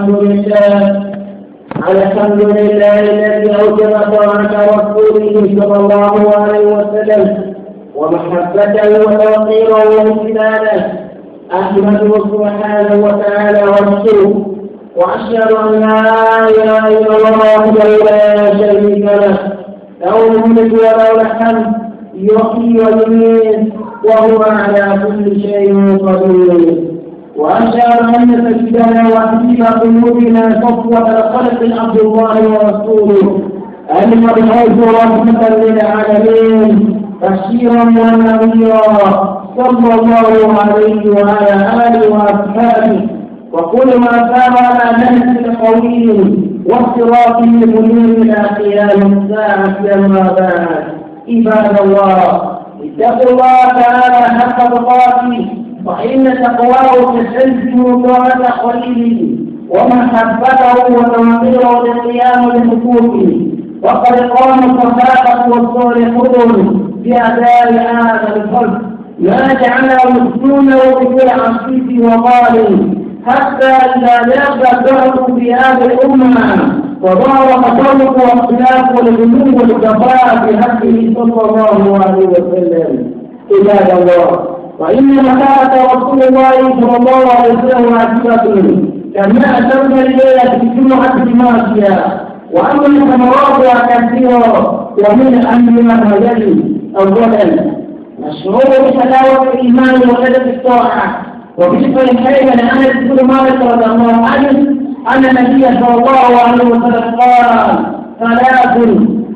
الحمد لله الحمد لله الذي أوجب طاعة رسوله صلى الله عليه وسلم ومحبته وتوقيره وامتنانه أحمده سبحانه وتعالى ورسوله وأشهد أن لا إله إلا الله وحده لا شريك له له الملك وله الحمد يحيي ويميت وهو على كل شيء قدير وأشار أن تجدنا وحبيب قلوبنا صفوة الخلق عبد الله ورسوله المبعوث رحمة للعالمين بشيرا ونذيرا صلى الله عليه وعلى آله وأصحابه وكل ما سار على نهج القويم والصراط المنير إلى قيام الساعة أما بعد عباد الله اتقوا الله تعالى حق تقاته فإن تقواه تسلسل طاعة خليله ومحبته وتوفيره للقيام بحقوقه وقد قام الصداقة والصالحون بأداء هذا الفرد ما جعله مسجونه بكل عصيب وقال حتى إذا ذاب الدهر في هذه الأمة وظهر تطرق واختلاف الغلو والكفاءة بحقه صلى الله عليه وسلم عباد الله وإنما كانت رسول الله صلى الله عليه وسلم عزيزة كما أتمنى الليلة في الجمعة الماضية وأما الثمرات كثيرة ومن أمرها يلي أولا الشعور بحلاوة الإيمان وشدة الطاعة وفي الصحيحين عن أنس مالك رضي الله عنه أن النبي صلى الله عليه وسلم قال ثلاث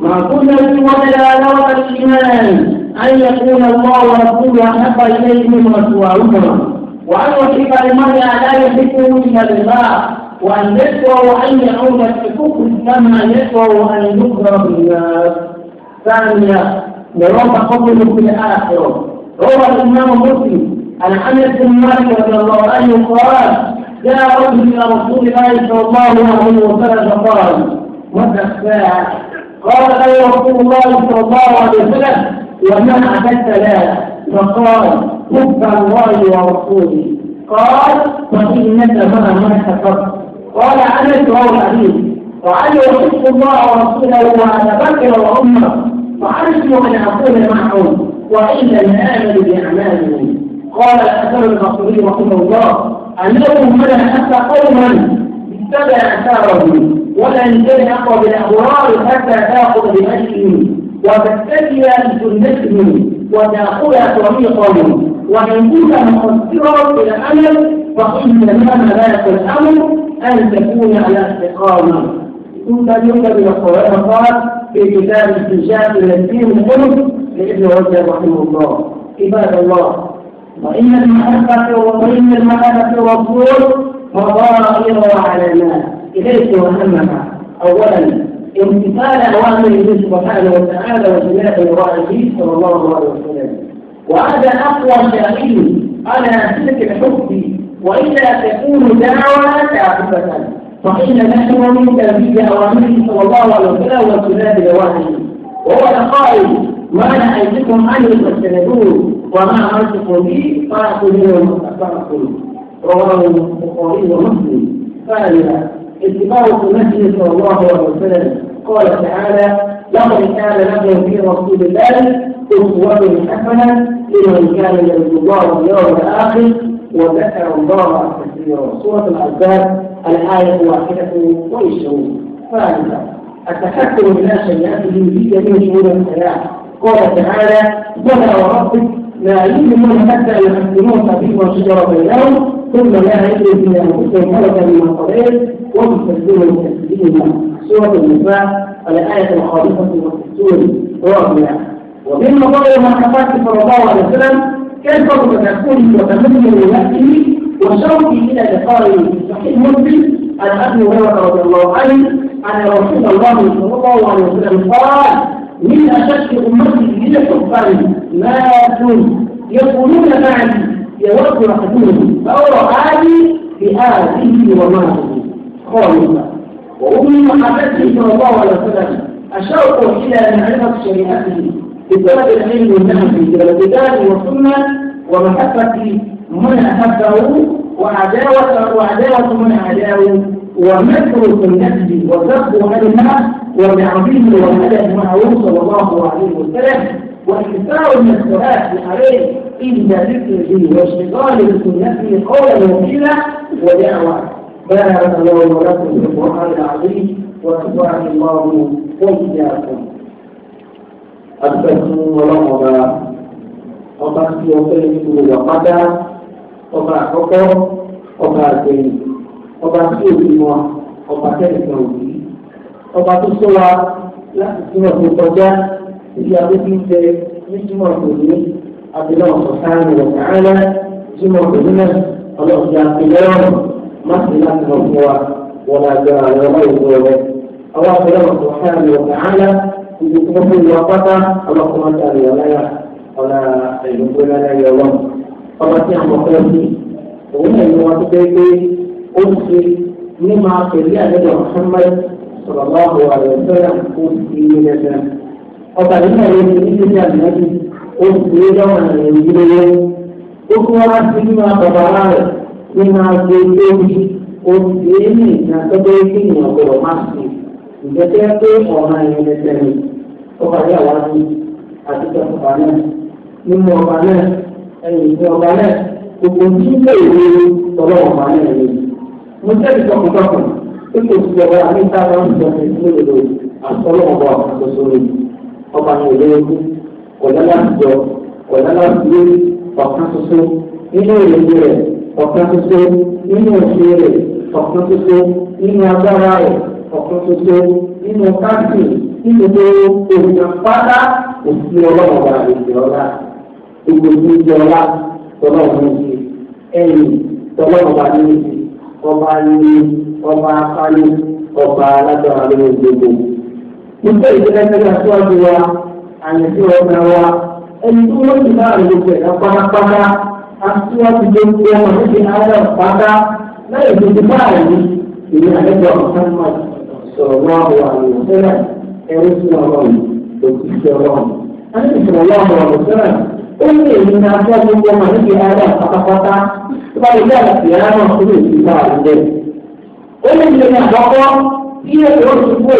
ما كنا في ولا نرى الإيمان أن يكون الله ورسوله أحب إليه مما سواهما وأن يحب المرء لا يحبه إلا لله وأن يكره أن يعود في الكفر كما يكره أن يكره بالناس ثانيا لرب قوله في الآخرة روى الإمام مسلم عن أنس بن مالك رضي الله عنه قال جاء رجل إلى رسول الله صلى الله عليه وسلم فقال متى الساعة؟ قال له رسول الله صلى الله عليه وسلم وما لا فقال حب الله ورسوله قال فإنك ما ما كفرت قال أنا رواه الحديث وعلي أحب الله ورسوله وأنا بكر وأمة وعرفت أن أكون معهم وإلا آمن بأعمالهم قال الحسن البصري رحمه الله أنه من أتى قوما اتبع أثارهم ولن يلحق بالأبرار حتى تأخذ بأجلهم وتتبع سنته وتأخذ طريقا وإن كنت مقصرا في الأمر فإنما ملاك الأمر أن تكون على استقامة كنت يمكن من القرآن في كتاب استجابة الدين الخلق لابن رجب رحمه الله عباد الله وإن المحبة وإن المحبة والصور مضائر على الناس إليك وهمها أولا امتثال أوامره سبحانه وتعالى واجتناب نواهيه صلى الله عليه وسلم وهذا أقوى دليل على سلك الحب وإلا تكون دعوة كافه فإن نحن من تنفيذ أوامره صلى الله عليه وسلم واجتناب نواهيه وهو القائل ما نهيتكم عنه فاجتنبوه وما أمرتكم به فأخذوه وما رواه البخاري ومسلم فلا اتباع سنته صلى الله عليه وسلم قال تعالى لقد كان لكم في رسول الله أسوة حسنة لمن كان يرجو الله اليوم الآخر وذكر الله كثيرا سورة الأحزاب الآية واحده والشهود فانت التحكم بلا شيء في جميع شهود الحياة قال تعالى بلى وربك لا يؤمنون حتى يحكموك فيما شجر بينهم ثم لا يجد إلى مستيقظة من القبائل ومستسلمين المستسلمين سورة النساء الآية الخامسة والستون رابعا ومن مقابل ما حفظت صلى الله عليه وسلم كان فضل تكون وتمني لنفسه وشوقه إلى لقائه صحيح مسلم عن أبي هريرة رضي الله عنه أن رسول الله صلى الله عليه وسلم قال من أشد أمتي من الكفار ما يقولون بعدي يود رحمه فهو عالي بآله وماله خالصا وأمي محمد صلى الله عليه وسلم أشوق إلى معرفة شريعته بطلب العلم والنهج بالكتاب والسنة ومحبة من أحبه وعداوة وعداوة من أعداه ومكر في النفس وكف عنها وبعظيم والأدب معه صلى الله عليه وسلم واستثار من الصلاة عليه إلا ذكره واشتغال بسنته قولا وقيلا ودعوة بارك الله لكم في القرآن العظيم ونفعني الله وإياكم أستغفر الله ọba tí ọpẹ́ nínú ìwà pátá ọba àkọ́kọ́ ọba àgbẹ̀yìn ọba tí òbí wọn ọba tẹnìkan òbí ọba tó sọ wa láti túnbọ̀ tó kọjá ìyá tó ti ń jẹ ní túmọ̀ kò ní abẹ́lẹ́ ọ̀sán sáré ọ̀tá ẹ̀rẹ́ túmọ̀ kò ní náà ọlọ́run ti àpèlẹ́ ọ̀rọ̀ má sì láti mọ̀ fún wa wọ́n àjọ àwọn ọmọ ìlú rẹ̀ àwọn abẹ́lẹ́ ọ̀sán sáré ọ̀tá ẹ̀rẹ́ ibi tí wọ́n fi wọ pátá ọlọ́run máa ta ìyọ̀ láyà ọ̀la ìlúgbó láyà yọ lọ ọba tí a mọ̀ fẹ́ sí òun náà ni wọ́n ti fẹ́ gbé ó ti ní máa pèlè àlejò Muhammad sọ̀rọ̀ bá wà lọ́sẹ̀rẹ̀ ó ti ní ẹ̀sẹ̀ ọ̀tà nínú ẹ̀rọ ti ní ilé àdìmọ́jú oṣù tó yẹ lọ́wọ́ ẹ̀rọ ìdílé ó kún wá sí nínú àbàbà rẹ̀ nínú agbo lórí oṣù tó yẹ ní ìdàgbẹ́ kí ìwọ̀n gbọ́dọ̀ má sí ìgbẹ́kẹ́ pé ọ̀ràn ẹ̀yìn ẹ̀sẹ̀ mi ọba yà wá sí àti ọba náà nínú ọba náà ẹ̀yìn ìgbẹ́ ọba náà gbogbo tí ó lè wé ọlọ́wọ́ ọba náà lè mo jẹ́ ìtọ́kùtọ́kùn pé kò sí ọba àmì ìta ọba ní olóyún kọ̀lọ́lá jọ kọ̀lọ́lá lé ọ̀kan ṣoṣo nínú ìrètí rẹ̀ ọ̀kan ṣoṣo nínú òṣè rẹ̀ ọ̀kan ṣoṣo nínú agbára rẹ̀ ọ̀kan ṣoṣo nínú káàkiri nínú tó òòyàn pátá òsì ọlọ́run ọba àlejò ọlá gbogbo ìlú ìjọ ọlá tọ́lọ́run ní ti ẹ̀yìn tọ́lọ́run ọba ní ti ọba ní ọba akálẹ̀ ọba alágbára lórí gbogbo nígbà ìdílé ẹgbẹ́ aṣáájú wa àyẹ̀dí ọ̀gá wa ẹni tí wọ́n ti bá àwọn gbogbo ẹ̀dá pátápátá aṣáájú ló ń gbé ọmọ níbi ara pátá láì tó ti bá àyè èyí àlejò ọ̀sán mọ́ sọ̀rọ̀ wá wà lóò fẹ́rẹ̀ ẹ̀rú sí ọmọ yìí òkú sí ọmọ yìí. a ní ìṣòro wá wà lóò fẹ́rẹ̀ ó ní èyí ní aṣáájú gbogbo ọmọ níbi ara pátápátá tó bá ilé àti tó ti bá àyè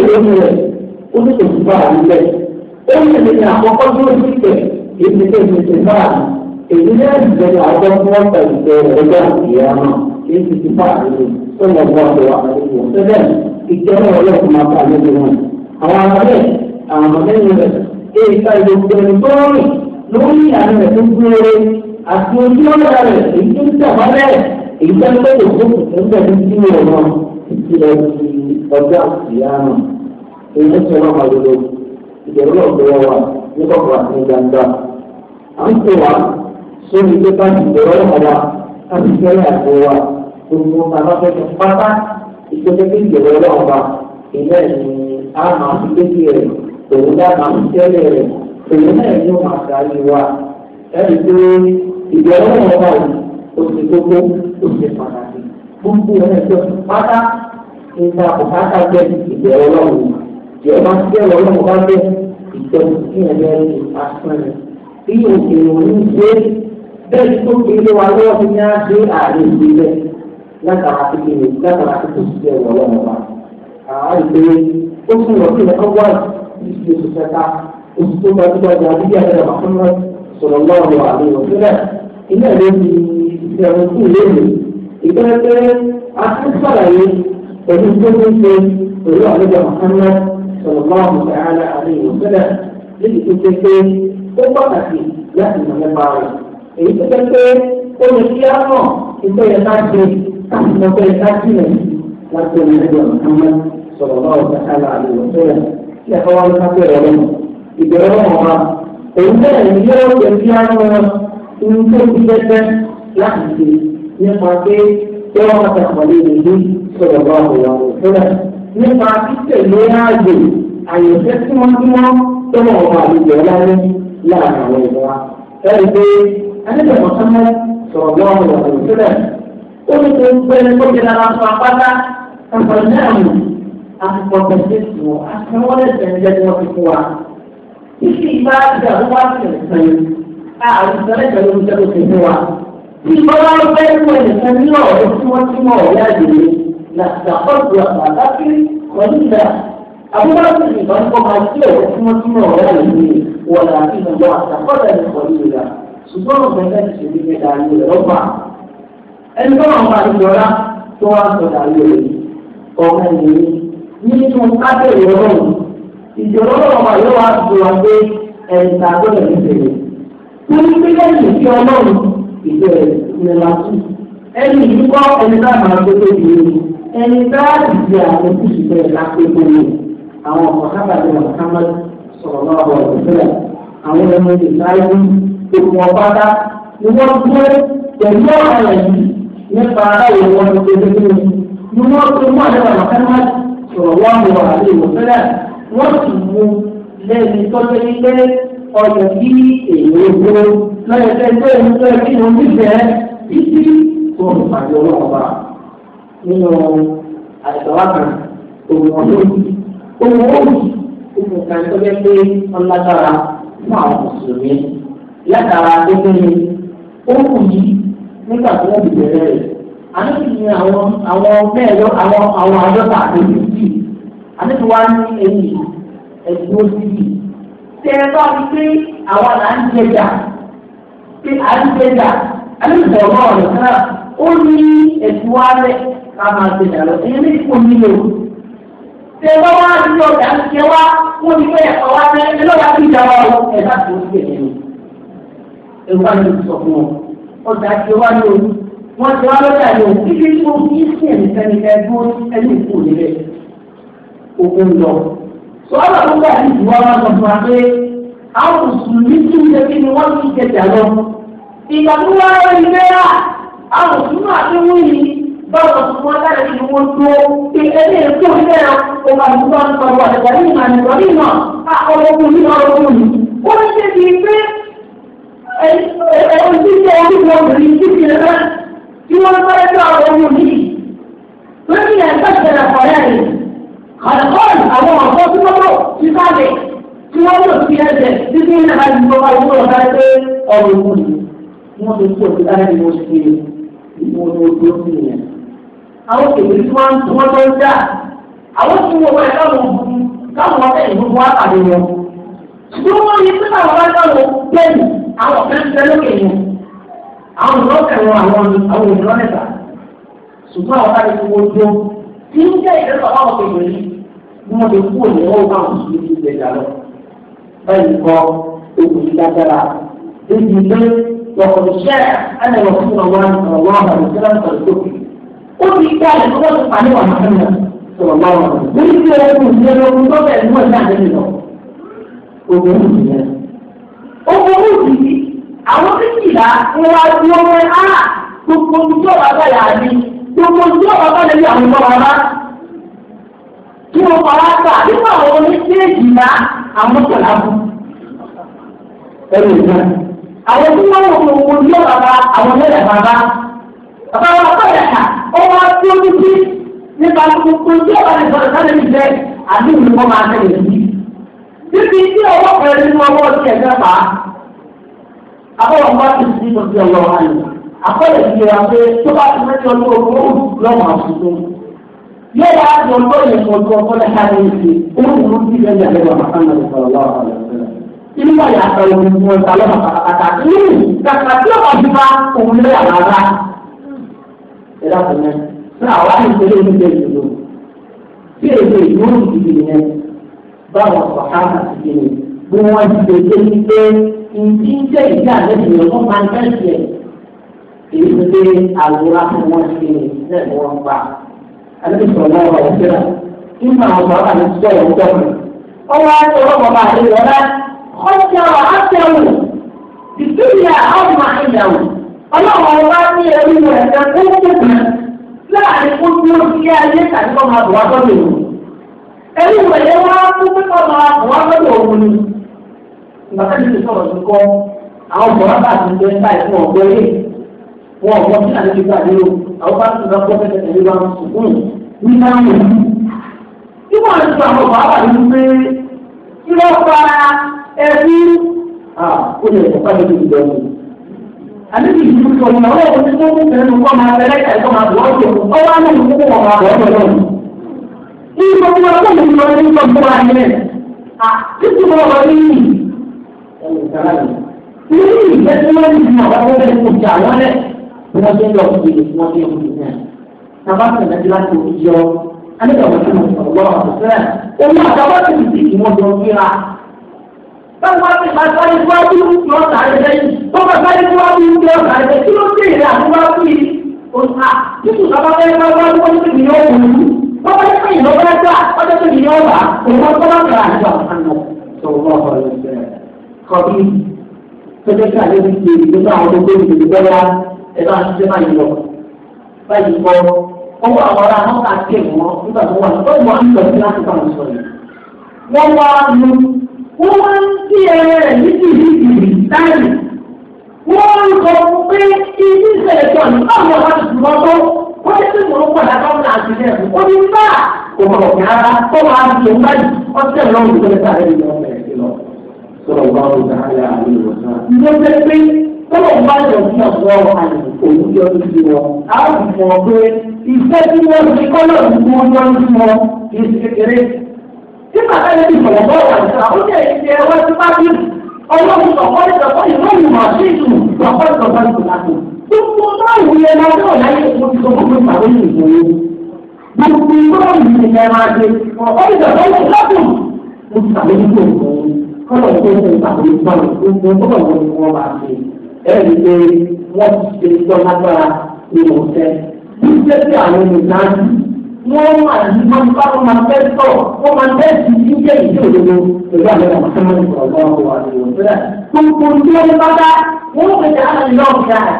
bẹ́ẹ̀ ó ní kò sí bára ní bẹ́ẹ̀. ó ní èdè ní àkọ́kọ́ tó ti tẹ̀ èdè tó ti tẹ̀ bára ní. èdè náà ti bẹ̀rẹ̀ àjọ tí wọ́n tẹ̀ ìtẹ̀ ẹgbẹ́ ìyá náà èyí ti ti bára ní lò tó lọ bọ́ ọ̀dọ̀ wa àlejò sẹ́lẹ̀ ìjọba ọlọ́ọ̀kùn máa bá àlejò wọn. àwọn aráàlẹ̀ àwọn ọmọdéyìn rẹ̀ èyí ká ìlú gbẹ̀rù tó àti ojú ọ̀dà èyí tí wọn máa lò ìbẹ̀rù náà lọ́wọ́ wa ní kọ̀ọ̀kan àti gbangba. à ń pè wá sórí pé ká ìbẹ̀rù ọ̀hún wa ká ti fẹ́rẹ̀ àgbo wa gbogbo àbáfẹ́fẹ́ pátá ìpínlẹ̀ pé ìbẹ̀rù ọ̀hún wa ìlẹ̀ ni a máa fi rẹ̀ òun dá máa rẹ̀ òun náà ni ó máa darí wa ẹni pé ìbẹ̀rù ọ̀hún wa ò sì gbogbo ó sì pàtàkì gbogbo ẹ̀ pátá ìta bùkátà yóò máa ń bẹ̀rù ọlọ́run bá bẹ̀ ìjọba tí ẹ̀ lẹ́yìn asán rẹ̀ bí yóò ṣe ìròyìn ṣe bẹ́ẹ̀ tó fi lé wa lọ́wọ́ fi ní á dé ààrẹ ìgbé bẹ̀ látara ti fi lè látara ti kò sí bẹ̀rù ọlọ́run bá. àwọn ìgbé ó tún lọ sí ẹ̀kọ́ wà ní oṣù kẹta oṣù tó bá dúpọ̀ ìgbà bí yàrá ìwà fún sọ̀rọ̀ lọ́wọ́ àlè òṣèlẹ̀ ilé ẹ̀rọ ti ìṣẹ̀rù fún صلى الله تعالى عليه وسلم لدي كنتين وقفتي لكن من الباري إيه كنتين قلنا شيئا إنت يتاكي إنت يتاكي لكن من أجل محمد صلى الله تعالى عليه وسلم يا خوال خطير ولم إبراهما قلنا يجيو يجيو إنت بجدا لحظي يقاكي يوم تحوليني صلى الله عليه وسلم nípa títẹ̀lé ààyè àyẹ̀fẹ́ tímọ́tímọ́ tọ́wọ́ ọba àlejò ọlọ́run láàrin àwọn ìwà. ẹ̀rí pé adébẹ̀mọ̀ sọ́mọ́ sọ̀rọ̀ lọ́wọ́ ọ̀rọ̀ ìṣẹ̀lẹ̀ ó ní kó pẹ́ kó ti dára fún apáta ọ̀pọ̀ náà mú àtúkọ̀ pẹ̀lú ìṣòwò àtúnwọ́lẹ̀ tẹ̀lé tí wọ́n ti fún wa. ìṣì ìbá ìjà ló wá sílẹ̀ sẹ́yìn àrùn sẹ́lẹ̀ pẹ̀lú ìṣẹ́ tó ti fún wa. bí làtàkọ́jọ àbákí wọ̀nyíjà abúlé ìbọn kọ́ máa tí ọ̀rọ̀ tí wọ́n túmọ̀ ọ̀rẹ́ rẹ̀ ní wọ̀n àti ìlọ àtàkọ́jọ ní wọ̀nyíjà ṣùgbọ́n ọ̀gbẹ́gbẹ́ ti ṣe wípé dàrí rẹ̀ lọ́gbà ẹni tó wọn máa yọ ọ́lá tó wá sọ dàrí rẹ̀ ọ̀rẹ́ rẹ̀ ní nínú kábẹ̀rẹ̀ ọlọ́run ìjọba ọlọ́run máa yọ wá ju wa pé ẹ̀ǹtà gbọ́dọ̀ níbẹ̀rẹ̀ torí pé lẹ́yìn ìfẹ́ ọlọ́run ìbẹ̀rẹ̀ ìrẹ̀lá tù ẹni ìdúkọ́ ẹni tá a máa gbé tó di ewu ẹni tá a sì di àwọn kùsù bẹ́ẹ̀ lápẹ́kọ̀ ni àwọn ọ̀pọ̀ sábàbí wọn ká má sọ̀rọ̀ náà wọ̀ ọ̀sẹ̀lẹ̀ àwọn ẹni lè láyé òkun ọ̀pátá ni wọ́n gbé pẹ̀lú ọ̀rọ̀ yìí nípa aráàlú wọn ní kékeré ni wọ́n tó mú àdéhùn àwọn ká má sọ̀rọ̀ wọn wọ̀ àlẹ́ ìwọ̀sẹ̀lẹ̀ wọ́n sì mú lẹ́ni tọ́jú ilé ọ̀yọ̀ bí èèyàn ó gbó lọ́yẹ̀ fún ìpàdé ọlọ́run bá nínú àìsàn kan òun ọdún òun òun òun kan tó bẹ́ pé ọlágbára fún àwọn mùsùlùmí látara gbogbo ni ó kù yìí nígbà tí wọ́n bìbẹ̀ rẹ̀ àníbi ni àwọn àwọn mẹ́ẹ̀ẹ́dọ́ àwọn àwọn àádọ́ta àtẹ̀yìn sí àníbi wá ní ẹ̀yìn ẹ̀sìn òsì tẹ̀lé bá wí pé àwọn là ń jẹjà pé à ń jẹjà àníbi sọ̀rọ̀ náà náà ó ní ẹ̀sùn wa rẹ̀ ká máa ṣe dàlọ́ ẹ̀yẹ méjì kò nílò. ṣé wá wá sí ọjà ń ṣe wá wọ́n ti fẹ́ ẹ̀kọ́ wá rẹ̀ ẹ lọ́wọ́ sí ìjà wa o ẹ̀ bá tó ṣe ẹ̀ lọ. ẹ̀rù wa ni mo sọ fún wọn ọjà ṣe wá ní o wọ́n ti wá lọ́jà ní o kíkí tó kí sí ẹ̀nìkẹ́ni ẹ̀dúró ẹni ìkú nílẹ̀ ogun lọ. sọ́ọ́lá tó gbà ní ìwà wa sọ fún wa pé àwọn òṣùnú àti wíìlì báwọn òṣùnú alára ni wọ́n tó pé ẹni èso náà ó máa ń bá ń sọ wà lẹ́gbà ní ìmọ̀ àti ìmọ̀ à ọlọ́kùn ní ọlọ́kùn ní. ó ń ṣe bíi pé ẹ̀ẹ́dẹ́gbẹ̀rún tí ó ń bọ̀ lórí títì rẹ̀ tí wọ́n bá ẹgbẹ́ ọlọ́kùn ní. lórí ẹ̀gbẹ́ ìṣẹ̀lẹ̀ àkọ́rẹ́ rẹ̀ àlùkọ́ọ̀lù àwọn ọ̀pọ̀ tí wọ́n lò ti sáàbẹ̀ tí wọ́n lò sí ẹsẹ̀ títí ní àdìgbò àwọn ọ̀gá ẹgbẹ́ ìwọ̀n ojú omi yẹn. àwọn kèké tí tó ń dà àwọn tí وقد شاء أن رسول الله صلى الله عليه وسلم قد كفي قلت كان الرسول عليه محمد صلى الله عليه وسلم ولكن يقول هو وقلت وقلت àwọn tí wọ́n wò fún owó yóò bàbá àwọn mẹ́rẹ̀ bàbá. Bàbá wa kọ̀yà ká ó wá tó ní sí nípa gbogbo tí ó bá lè sọ̀rọ̀ sáré mi jẹ́ àbí mi kọ́ máa tẹ̀lé sí. Títí tí ọwọ́ kan nínú ọwọ́ ti ẹ̀fẹ́ fà á. Àbọ̀wọ̀ ń bá ti sí mo ti ọ̀rọ̀ wa lò. Àkọ́lẹ̀ ti yẹra pé tó bá ti mẹ́tí ọdún ogún lọ́wọ́ àṣùkò. Yóò wá jọ lóye ọdún ọkọ́lẹ̀ ká lè ṣe. Ó wù ú sí ilẹ̀ ìyàgbẹ́ wa, Màkánà ìfọ̀rọ̀wọ́ àlọ́ nígbà yàtọ̀ òun ni wọ́n ta lọ́nà pátápátá nínú kàkà tí ọ̀pọ̀ ti bá òun lé àwọn ará. ẹ dákun mẹ́ ní àwa ní ìṣẹ̀lẹ̀ oníṣẹ́ ìṣòro tí èdè ìlú ìdìbò yẹn báwọn ọ̀há àti ìdílé bí wọ́n ti lè ṣe ní pé ìdí ń jẹ́ ìdí àlejò yẹn fún pàǹtẹ́ǹtì ẹ̀ èyí ti lé àwòrán fún wọn ṣe lẹ́nu wọn gbà. alẹ́ sọ̀rọ̀ náà wà lọ́sẹ̀rà nígbà àwọn ọ̀gá àti sọ̀rọ̀ ń Ọ àtẹwò ìtúnyà ọmọ ìyàwó ọlọ́run ọba ní ẹrú rẹ̀ ká kó kébù láàrin tí ó ayé tàbí kọ́ máa òun. ẹrú rẹ̀ wá fún pípọ̀ máa òun ni. kọ́ àwọn bọ̀rọ̀ bá ti jẹ́ báyìí fún ọ̀gbọ́n àlejò o àwọn bá ti ẹbí ó lè sọ fáwọn ẹbí ìjọ mi. àbíkí ìlú sọ ní ọwọ́ òun tí wọ́n mú bẹ̀rẹ̀ nù kọ́ máa bẹ̀rẹ̀ kà ẹ̀kọ́ máa bọ̀ ọ́dọ̀ ọwọ́ á lóun kókó wọn máa bọ̀ ọ́dọ̀ náà. ìgbà tí wọ́n kọ́ mi lọ ní ìjọba wa ni rẹ̀ títí wọ́n wọ ní ìlú. ní ìgbẹ́ tí wọ́n ní àwọn ọ̀rẹ́ kò jà wọ́n lẹ̀ bí wọ́n ṣe ń lọ sí ìlú wọn ní ọ̀gbìn náà. tàbá sọ̀rọ̀ alẹ́ ọ̀rọ̀ tó ń sọ̀rọ̀ lọ́wọ́ àtúnṣe rẹ̀. Òun àtàwọn ti ti ìwọ̀n jọ ń gbéra báwo wá fi sáré síwájú lọ sáré lẹ́yìn tó máa sáré síwájú lọ sáré lẹ́yìn kí ló dé ìrìn àdúgbò yìí òṣà títù bàbá fẹ́ bá wá lọ́wọ́ tó ti yọ òun wọ́n bá yẹ ìlọ bá dá ọjọ́ tó ti yọ òun tó bá gbà àjọ àwọn tó gbé ìdìbò bẹ́ẹ̀ ẹ bá ń tó wà ní ọgbà wọ́n wá ń sí ẹran rẹ̀ ní tìrìtìrì táyì. wọ́n ń sọ pé ibi ìṣẹ̀lẹ̀ kan ní báwo wá ti dùn ọ́tọ́ wọ́n ti tún mọ̀ padà bá àti ilé ẹ̀kọ́. ó ní bá òmùrọ̀ kí ara tó máa ń lò báyìí wọ́n ti ẹ̀rọ òun tó lè ta ẹ̀rí sọ̀rọ̀ bá wọn ta ayé àlè bá yọ̀ sí ọ̀dọ́ àyè òun yọ sí wọn. a ó fi mọ̀ pé ìfẹ́ tí wọ́n ti kọ́lọ̀ nígbà tá a lè fi mọ̀lẹ́ bọ́ wà nígbà ó jẹ́ ìdí ẹwà tí bá bí ọlọ́run sọ̀kọ́ ìsọ̀kọ́ ìlọ́run mọ̀ sí ìtumù sọ̀kọ́ ìsọ̀kọ́ ìsọ̀kọ́ gbogbo báwo yẹ máa ní ọ̀la yẹ kó ti sọ gbogbo ìpàdé ní ìgbòho gbogbo báwo yẹ yẹ máa ṣe ọ̀kọ́ ìsọ̀kọ́ ìsọ̀kọ́ mo ti pàdé ní ìgbòho kọ́lọ̀ tó ń pàdé ìgbòho gbogbo báwo ni wọ́n máa ṣe ẹ̀rí pé wọ́n ti ṣe ìjọ lágbára ní ìmọ̀ọ́sẹ́ bí jẹ́ sí àwọn ènìyàn náà wọ́n máa ní mọ́nìfà wọ́n máa fẹ́ sọ̀ wọ́n máa fẹ́ sí jíjẹ́ ìdí òdodo pẹ̀lú àwọn ọmọ tó máa ń sọ̀rọ̀ bọ́ ọkọ̀ wa lórí ọ̀sẹ̀. gbogbo ní ọdún bàbá wọ́n ń pèsè àwọn ìlú ọ̀gá rẹ̀.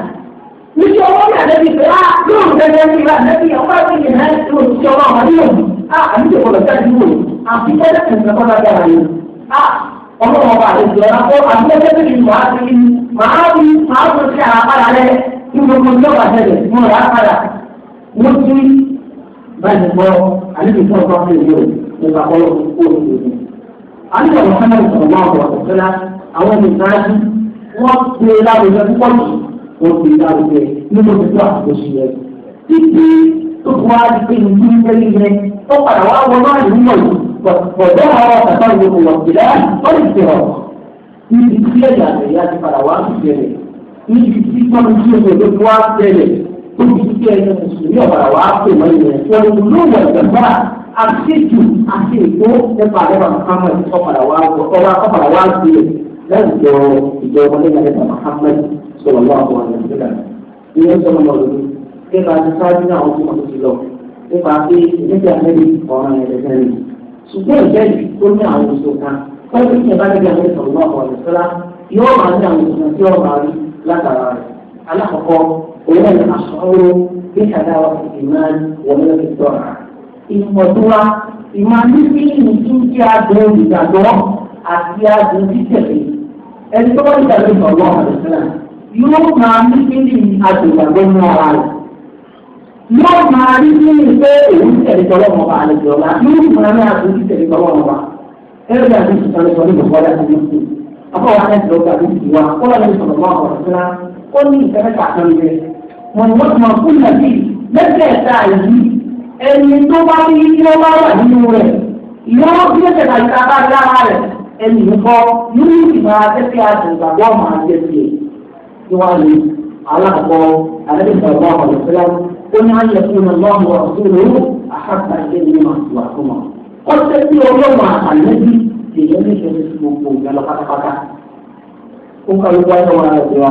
níbi ọwọ́ ní àdébí pé á yóò ń gẹ́gẹ́ bí ìlà àdébí ọ̀pá ìpínlẹ̀ náà ti ti ọmọ àwọn àdúgbò mi. á àdúgbò tó ti sí àràpàdà rẹ̀ ní gbogbo báyìí gbọ́ àlejò tó ń bá wọn lè yọ o ọlọ́ Àwọn ọ̀rọ̀ kan náà sọ̀rọ̀ máa wọ̀ ọ̀tọ́lá àwọn ìsáájú wọ́n pe láwùjọ púpọ̀ jù wọ́n pe láwùjọ nínú òṣìṣẹ́ àkóso yẹn. Títí tó fún wa di pé ìlú ní pẹ́lú yẹn tó padà wá wọ náà ní mọ̀ yìí bọ̀dọ̀ àwọn ọ̀tàtà ìlú wọ̀ ìlà wọ́n ti rọ̀. Níbi tí ẹ̀yà àtẹ̀yà ti padà wá sí tẹ̀lẹ̀. Níbi tí tọ́jú níbi tí ẹni mùsùlùmí ọ̀bàrà wàá pè wọ́n yẹn wọn ló wọ̀ ìjọba àṣejù àti èkó nípa àdébà Muhammad ọ̀bàrà wàá gbé láwùjọ ìjọ ọmọlẹ́yìn àdébà Muhammad sọ̀rọ̀ lọ́wọ́ àwọn àgbẹ̀sílẹ̀ ìyẹn sọ̀rọ̀ lọ́wọ́ nípa ti sáájú náà wọ́n tún wọ́n ti lọ nípa pé níbi àmẹ́rin ọ̀ràn ẹ̀ẹ́dẹ́gbẹ̀rin ṣùgbọ́n ìjẹ́rìí tó ní àwọn oṣù kan pẹ́ẹ́lú ìjọba níbi àmẹ́rin sọ̀rọ̀ lọ́wọ́ àwọn àgbẹ̀sílẹ̀ yóò ní àwọn òun ni aṣọ́rò bí ṣàdáwà ìmáàn wọlé ìtọ́ra. ìmọ̀túnra ìmáàní bí ìtún tí a dùn ìgbàgbọ́ àti a dùn títẹ̀lé ẹni tó wọ́n ìgbàgbọ́ ìgbàgbọ́ àdìsílà yóò máa ní bí àdìgbàgbọ́ ní ara rẹ̀ yóò máa rí bí pé òun tẹ̀lé tọ́lọ́ mọ́ bá àlejò ọ̀la yóò máa ní àdùn títẹ̀lé tọ́lọ́ mọ́ bá ẹ̀rọ ìgbà tó ti sọ̀rọ̀ sọ̀rọ̀ ìgbàgbọ́ láti ní àbọ̀wá náà ti lọ́ọ́ gbàgbé ìwà kọ́lá ní sọ̀rọ̀ mọ́ àwọn ọ̀sán ó ní ìfẹ́ mẹ́ta kan lé wọn ni wọ́n ti máa kúlẹ̀ sí lẹ́sẹ̀ẹ̀ta yìí ẹni tó bá ní ilé wá wà nínú rẹ̀ ìyọ́n bí lẹ́sẹ̀ẹ̀ta yìí ká lára rẹ̀ ẹni nǹkọ́ nínú ìgbà tẹ́tẹ́ àti ìgbàgbọ́ máa jẹ sí i tí wọ́n lè alákọ̀ọ́ alẹ́sẹ̀gbọ́ ọ̀rẹ́sẹ̀lá ó ní ayé fún ọlọ́run ọ̀ṣunrú àkàtà ilé ní máa tù àkọ́mọ́ ọ̀sẹ̀ tí ọlọ́run àtàlẹ́bí èèyàn ní ìṣẹ̀lẹ̀ sí gbogbo ìgbàlọ́ pátápátá ó kàwé wáyé wọn àti ìwà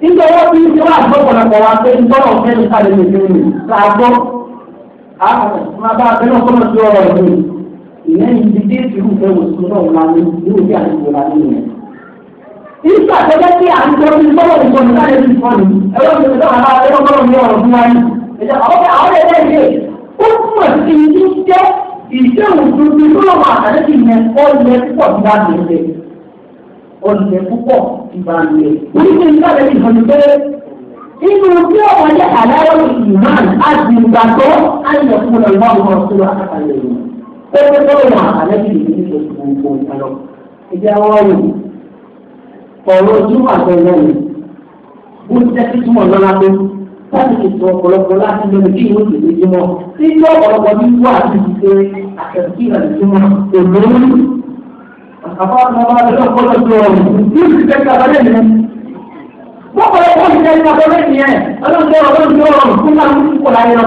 nígbà wọ́n fi ń ṣe wá àgbọ̀pọ̀lọpọ̀ wa pé ntọ́nà ọ̀fẹ́ ní sáré lè fi rìn láàgbọ́ máa bá abẹ́rẹ́ ọ̀fọ́nà sí ọ̀rọ̀ ọ̀dùn ìyẹn ní ibi tí ìṣirò ìfẹ́ wò sí náà máa ní yóò bí àdúgbò la nínú yẹn. nígbà tó jẹ́ pé àdúgbò ní tọ́wọ́ ìfọ̀ ní sáré lè fọ́ ni ẹ̀rọ mi lọ́wọ́ àwọn abẹ́rẹ́ ọ̀fọ́nà ní ọ̀rọ̀ fún wa ní. ẹ̀jẹ̀ àwọn ọ̀rẹ́ ọ̀nà púpọ̀ ìbànú ẹ̀. Oníṣẹ́ nígbà tẹ̀lé ìfọ̀nù pé inú tí ọ̀wọ́ jẹ́ àdáwọ̀ ìmán àti ìgbàgbọ́ àyẹ̀ fún ọ̀nà ìwà ọmọ ọ̀ṣun àkàlẹ̀ rẹ̀. Ó fẹ́ tọ́lọ̀ wọn àkàlẹ̀ bí ìdílé tó ti fún ọ̀hún ìtàlọ́. Ìjà wọn rò ọ̀rọ̀ ojúmọ̀ àtọ̀wọ̀ rẹ̀. Bó ti jẹ́ kí túmọ̀ lọ́la tó láti ètò ọ̀pọ̀lọpọ̀ láti lórí kí ìwé ìdílé jùmọ̀. Nígbà ọ̀pọ̀lọpọ̀ ní wà á ti di pé àtẹ̀kí ìrànlọ́jùmọ̀ òmìnir àfáàmọ́ bá lọ gbọ́dọ̀ tó ọ̀rọ̀ tí ìlú ìfẹ́ ká lọ́lẹ̀ yẹn. wọ́n kọ́ ẹ̀kọ́ ìfẹ́ ká lọ́lẹ̀ yẹn ọlọ́dún ọlọ́dún tó ọ̀rọ̀ fún náà ní kò láyé lọ.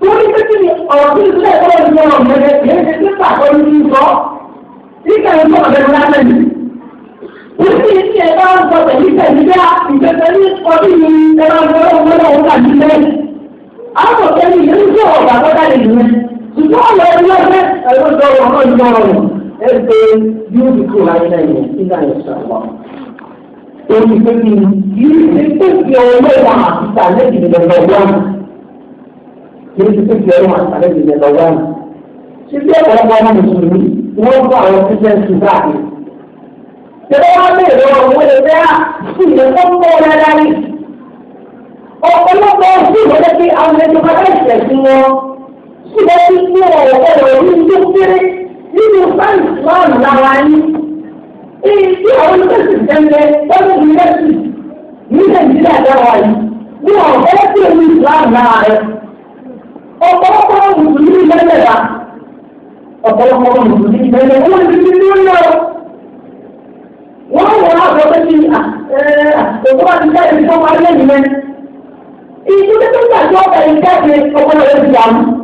torí pé kí ni ọ̀rọ̀ tí ìlú ẹ̀kọ́ ọ̀rọ̀ yẹn lẹ̀ yẹn ti ti pàtó ní sọ. ìgbà yẹn tó ọ̀rẹ́ lálẹ́ yìí. Wíṣí ìṣe ẹ bá ń sọ pẹ̀lú ìtẹ̀síbíà ìgbẹ́sẹ̀ ní ọdún yìí ẹ bá ń sọ ọ́ ọ́nà òun àti ilé. Àwọn ọ̀sẹ̀ ni ìlú ìṣòwò àgbàgbọ́dá lè lù ú. Ṣùgbọ́n ọ̀rọ̀ ẹgbẹ́ ẹgbẹ́ ìṣòwò ọ̀nà ìṣòwò ọ̀rọ̀ ẹgbẹ́ yóò fi kúrò láyé náà yẹn nígbà yẹn sọ wọn. Olùgbé mi yìí ṣe pé kí ọmọ ìwà àtìkà lẹ́yìn ìdẹ̀lẹ̀ wá. Yìí ṣe pé kí ọmọ àtìkà lẹ́yìn ìdẹ̀lẹ̀ wá. Ṣé bí ọ̀pọ̀ ọmọ ọmọ mùsùlùmí wọ́n fún àwọn Christian ṣùgbọ́n àti. Ṣèlú wá bèèrè ọ̀wọ́ ẹgbẹ́ à sí ìdẹ́kọ́ pọ̀ rárá ní. Ọ̀pọ̀lọpọ̀ sí ìwọlé pé àwọn ẹgbẹ́ bàbá ìṣẹ̀sìn wọn. Ṣùgbọ́n tí wọ́n ọ̀pọ̀ nínú fáìlì wọ́ọ̀lù lára yín iye tí àwọn oníṣẹ́sì tẹ́lẹ̀ tọ́lẹ̀ ní lẹ́sì ní nàìjíríà dára yìí ní ọ̀fẹ́ tí èmi ìsìláàmù lára rẹ̀ ọ̀pọ̀lọpọ̀ mùsùlùmí lẹ́lẹ̀ wa ọ̀pọ̀lọpọ̀ mùsùlùmí ní ọ̀nà wọ́n wọ́n á lọ́pẹ́ sí òkú àti jáde tó wá lẹ́yìn mẹ́ ìdílé tó gbàgbọ́ ọ̀pẹ̀ ìjáde ọ̀pọ̀lọpọ̀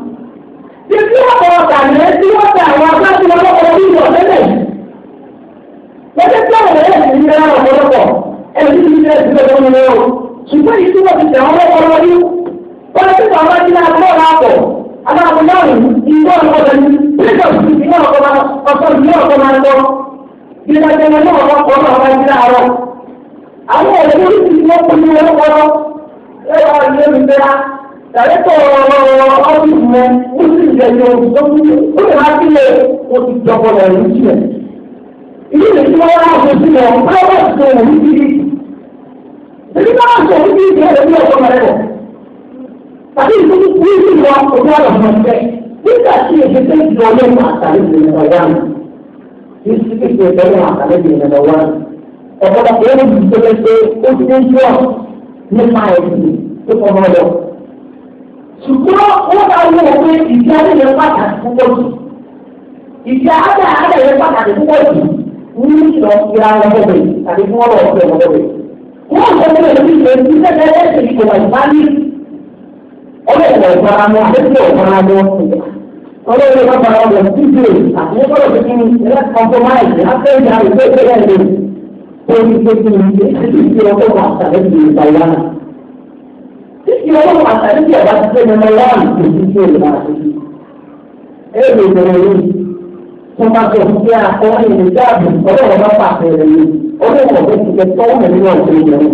Tí tí wọ́n ọ̀tà rẹ̀ tí wọ́n àwọn agbáṣe ọlọ́pàá orí ìwọ̀ tẹ́lẹ̀ yìí. Wọ́n ti tẹ́ ọ̀rẹ́ ẹ̀sìn ní ara ọ̀pọ̀lọpọ̀ ẹ̀sìn ní ilé ẹ̀sìn lọ́wọ́ ni wọ́n. Ṣùgbọ́n yìí tí wọ́n ti tẹ àwọn ọlọ́pàá Wọ́n ti tẹ àwọn ajínigbà agbọ́ọ̀rọ̀ àpọ̀. Aláàbò náà ní Dàrẹ́tọ̀ ọ́fíìsì ọrụ ó sì jẹ ìyẹn olùdókòwò ó lè máa sílẹ̀ ó ti jọpọ̀ rẹ̀ ní sílẹ̀. Ilé ìlú tí wọ́n wá àwọn sílẹ̀ ọ̀hún bá wọ́n ti sọ̀rọ̀ ní bíbí. Èmi bá wọ́n sọ̀rọ̀ ní bíbí rẹ̀ ní ọ̀sán rẹ̀. Tàbí Nígbà tí èdè tó ń jọ àtàlẹ́ ní. ṣùgbọ́n wọ́n bá wọ pé ìjà adé yẹn pàtàkì púpọ̀ jù ìjà adé adé yẹn pàtàkì púpọ̀ jù ní ìlọ ìra wọn bọ̀wẹ̀ tàbí fún ọ̀rọ̀ ọ̀fẹ́ wọn bọ̀wẹ̀. wọ́n sọ pé èmi ìwé ti sẹ́kẹ̀ ẹ̀sẹ̀ ìkọ̀wà ìbálí ọlọ́ọ̀wọ̀ ìbára wọn àbẹ́sẹ̀ ìbára wọn ọlọ́ọ̀wọ̀ ìbára wọn títí àti ẹgbẹ́ òfin compromise afẹ́ ìjà ìgbẹ́ ìgbẹ́ ìgbẹ́ ọlọ́run àtàlẹ́ tí ẹ̀bá ti fẹ́ mẹ́mọ́ wá àlùkò sí sí èlò máa ṣe. Èrè ìbẹ̀rẹ̀ yìí tó máa sọ fún pé akọ ìrìn dáàbò ọlọ́run bá pa àpẹẹrẹ yìí ọlọ́run ọ̀gbẹ́ ti fẹ́ tọ́wọ́ mẹ́rin náà ṣe yẹn.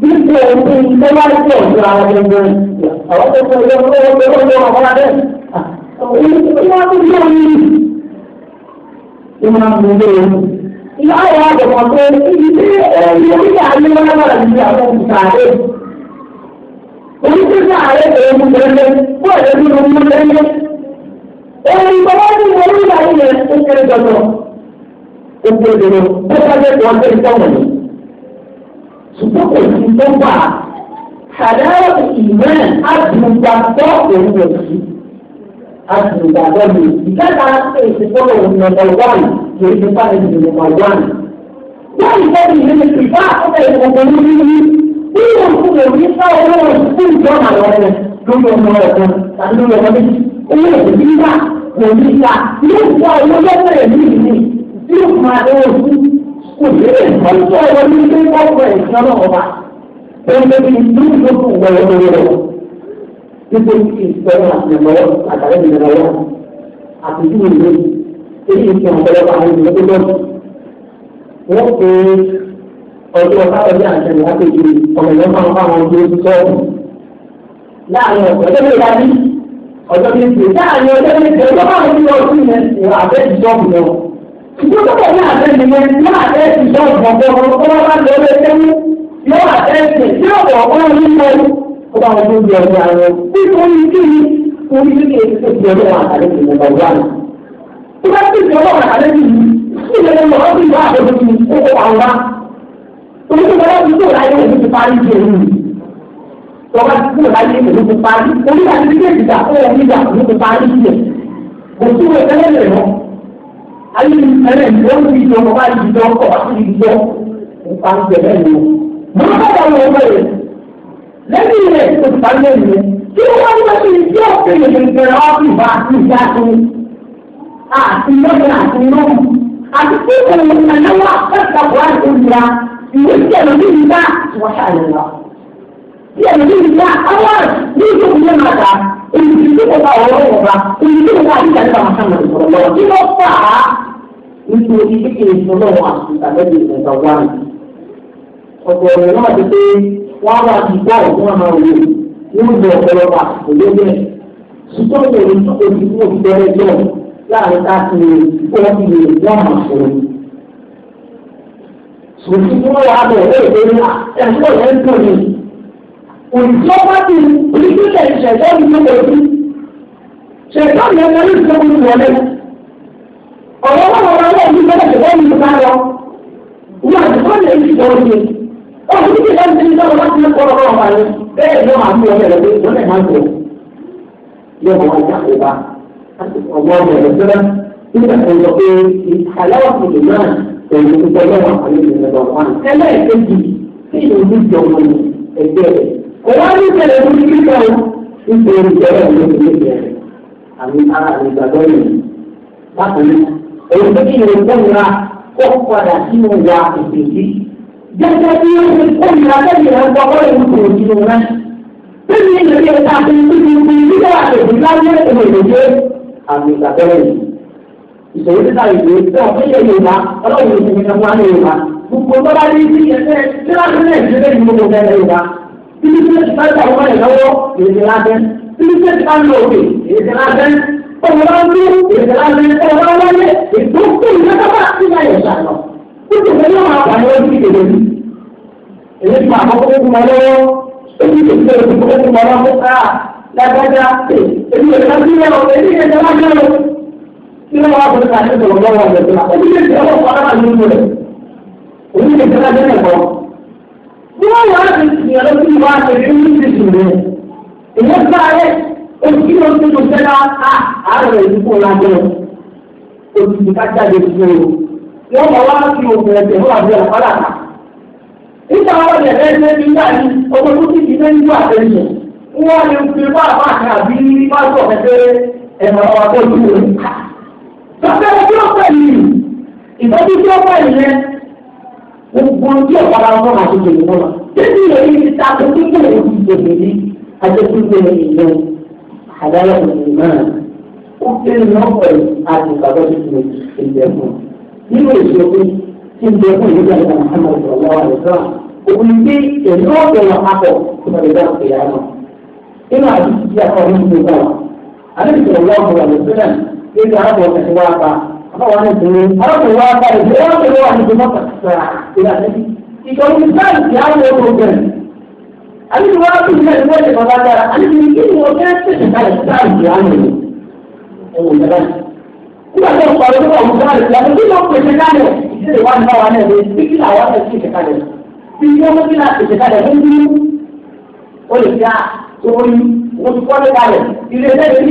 Bí ṣe ń pín in wá sí ọ̀dọ́ ara gbẹngbẹ́ àwọn tó fún ọjọ́ ọlọ́run Ìyá ìyá àgbẹ̀mọ̀ pé ibi tí ẹ̀yìn orílẹ̀ ayé wọn lábàrà ní àwọn òṣìṣẹ́ àdéhùn oníṣẹ́sẹ́ ààrẹ tẹ̀lé mú lẹ́lẹ́ fún ẹ̀rẹ́ bí mú lẹ́lẹ́. Ẹ̀rí bàbá tí mo rí láyé yẹn ó kéré dandan. Ó kéré dandan bó bá jẹ́ kí wọ́n tẹ̀lé sọ́wọ́n ni. Ṣùgbọ́n kò sí tó bà á. Ṣàdáyà ìmọ̀ àdùnúgbàgbọ́ òun rẹ̀ sí. Àdùnúgbàgbọ́ mi. Ìkẹta èsì fọ́lọ̀ nọmba wán kì í ṣe fáwọn ènìyàn nọmba wán. Wọ́n ìfẹ́ mi ìlú mi pìfà ọ̀pẹ̀ lè rí sá owó sí ìjọba àwọn ọmọ lórí ọmọ ọ̀gbọ́n tàbí lórí ọmọ méjì owó èdè nígbà kò ní sá yóò sá owó lọ́sẹ̀rẹ̀ ní ìlú tí ó máa owó sí kò sí lè kọ́ sọ owó ní ilé ọ̀pọ̀ ẹ̀sìn ọlọ́wọ́ wa pẹ̀lú ní ìlú tó kù wọ̀nyẹn lórí ọ̀rọ̀ nígbà tí ìfẹ́ràn àtìlọ́wọ́ àtàlẹ́ ìrànlọ́wọ́ àtìlú ìlú èyí ìfẹ́ ọjọ́ sátọ̀dé àti ìwádìí ọmọ ìlú máa ń bá wọn sọ́ọ̀bù. láàrin ọ̀pọ̀ ọjọ́ méjì dájú ọjọ́ méjì láàrin ọjọ́ méjì ọjọ́ máa ń bí ọdún yẹn ìwà abẹ́ ti sọ́ọ̀bù lọ. ìgbésọ̀tọ̀ ní abẹ́ mi yẹn yóò ti sọ́ọ̀bù ọ̀pọ̀ ọ̀pọ̀ wọn bá lọ lé tẹ́wú yóò abẹ́ ti tí ọ̀pọ̀ ọ̀pọ̀ ní mọ́ ó bá wọn gbé ọdún àwọn nítorí kí ni orí kékeré tó ti ọdún wọn àtàlẹ́ ti mọ̀ ọ̀gbá mi oníṣẹ́ wọn ti kúrò láyé èmi ti parí ju èmi tọ́wọ́ ti kúrò láyé èmi ti parí oníṣẹ́ àti bíbélì ìjà ó wọ nígbà èmi ti parí ju èmi kò sí wọn ẹlẹ́yìn rẹ̀ wọn ayé ẹlẹ́yìn wọn ti di ọmọ bá di ìjọ ọkọ̀ wá sí ìjọ nípa ìjẹ̀lẹ̀ yìí wọn bá bá wọn bẹ̀rẹ̀ lẹ́yìn rẹ̀ kò sí parí lẹ́yìn rẹ̀ kí wọ́n wá sí ìjọ ọ̀sẹ̀ yẹn ìgbẹ̀rẹ̀ ọ̀sìn ìbá àti ìjà tó àti lọ́dún àti lọ́dún àti kí ìwé tí ẹ̀rọ ní ìgbà wọ́n ṣàyẹ̀wò. Tí ẹ̀rọ ní ìgbà àwọn ní ìgbà òun yẹn máa ta olùdí tí kò bá ọ̀rọ̀ ọ̀ba olùdí tí kò bá àdìgbà nípa màkàmà ìsọ̀rọ̀ kí ló fà á nítorí kékeré ìsọ̀rọ̀ àti ìtàlẹ́bí ìgbà wà ní. Ọ̀pọ̀ ọ̀rọ̀ náà ti pé wọ́n wá ti gbọ́ ọ̀gbọ́n àmà òye yóò lọ ọ̀pọ̀lọpọ̀ òtún tó wà bọ̀ ẹ̀ ẹ̀ ẹ̀ ẹ̀fọ́ ẹ̀ ń tó ni. Òtún ọba ti pírísítẹ̀ ṣẹ̀dá ní tó wọ̀ sí. Ṣẹ̀dá ní ẹ̀ka ní ìṣẹ́ oṣù wọlé. Ọ̀rọ̀ wọn wọn wọ́n ní bẹ́ẹ̀ ṣẹ̀dá ní ìṣẹ́ lọ. Wọ́n àti wọ́n lè fi sọ̀rọ̀ sí. Ọ̀rọ̀ ní ìṣẹ́ ní ìṣẹ́ wọn ti ń kọ́ ọ̀rọ̀ wọn ni. Bẹ́ẹ̀ ló máa mú ọmọ ẹ̀rọ wọn lè máa tó. Yọ̀wọ̀ wọn já kó bá. Ọ̀gbọ́n ọmọ ẹ̀rọ èyí tó tẹ́lẹ̀ wà pẹ̀lú ìrìnàjò ọ̀pá. ẹlẹ́ẹ̀kejì tí ìlú jọ ọmọ mi ẹgbẹ́ rẹ̀ kò wá ní ìṣẹ̀lẹ̀ fún kíkà o nítorí ìṣẹ̀lẹ̀ ìlú ti lè bẹ̀rẹ̀ àmì ara rẹ̀ gbàgbọ́ yìí. bákan náà èyí tó kí ìrìn kọ́nira kó padà sí mo wà ìpèsè. jẹ́jẹ́ bí ó ti kọ́nira lẹ́yìn rẹ̀ gbọ́gbọ́ ìṣòro títà ìwé tí wọn yẹ yorùbá ọlọ́run ìṣòro ìṣòro wọn ní yorùbá gbogbo bọ́lá ní ti ẹgbẹ́ tí wọ́n fi lẹ́yìn lórí gbogbo ọ̀gá ẹ̀rọ yorùbá títí tí wọ́n ti bá ìgbà wọn lọ́wọ́ èdè lábẹ́ títí tí wọ́n ti bá lọ òkè èdè lábẹ́ ọ̀gá èdè lábẹ́ ọ̀gá wọn wáyé nínú wa kò ní ká ní sọ̀rọ̀ lọ́wọ́ rẹ̀ tó la ó ní lè jẹ́ ọlọ́pàá náà ní ìlú rẹ̀ ó ní lè jẹ́ lájẹ́ ẹ̀kọ́. bí wọ́n wá ti sìn sí ìwà àtẹ̀lé ní ti sùn rẹ̀ ìwọ́n ti báyẹ̀ ojú ló ti tún sẹ́lá á àárọ̀ rẹ̀ ti kó lájẹ́ ojú ti ká jáde sí o wọ́n bá wá sí òkè ẹ̀sẹ̀ wọ́n lè fẹ́ ṣe nígbà yìí ọmọ tó ti ti fẹ́ nígbà tẹ̀sán wọ́n lè Bàbá ẹbí ọ̀pẹ yìí, ìtọ́jú tí ọ̀pẹ yìí yẹn, gbogbo tí ọ̀pára wọn máa ti tèmi wọn. Títí èyí ti ta kó kíkó òun ìdèmí ní ajẹ́kúndé ìlú àdáyọ̀ ìmọ̀ràn. Ó kéré ní ọ̀pẹ àti bàbá tuntun ìjẹ̀kùn. Nínú ìṣòfin tí ń dẹkùn ìlú ìjọba Muhammad Sọlá Àlùfáà, òun ti èmi ọ̀pẹ̀ wọn papọ̀ tí wọ́n lè dá òkè yàrá. Inú àdúgbò tí a kọ́ ní ìgbéga, àdúgbò lórí arábìnrin tó wá pa àbáwá náà tó rí wá pa ìdí wọn tó wà ní tòmọ́tà sọ̀rọ̀ ìlà lẹ́bí. ìjọba ìsáyì ti á lọ ọdún àbíkú wọn tó ní ẹni wọ́n bàbá dára àbíkú ní kí ni wọ́n fẹ́ tẹ̀sán káyọ̀ sáyì ti á lọ ẹ̀wọ̀n ìjọba nígbà tó àwọn kí ló ń pèsè kálẹ̀ ìdílé wa ní báwa náà lè fi kí làwọn náà pèsè kálẹ̀ fi kí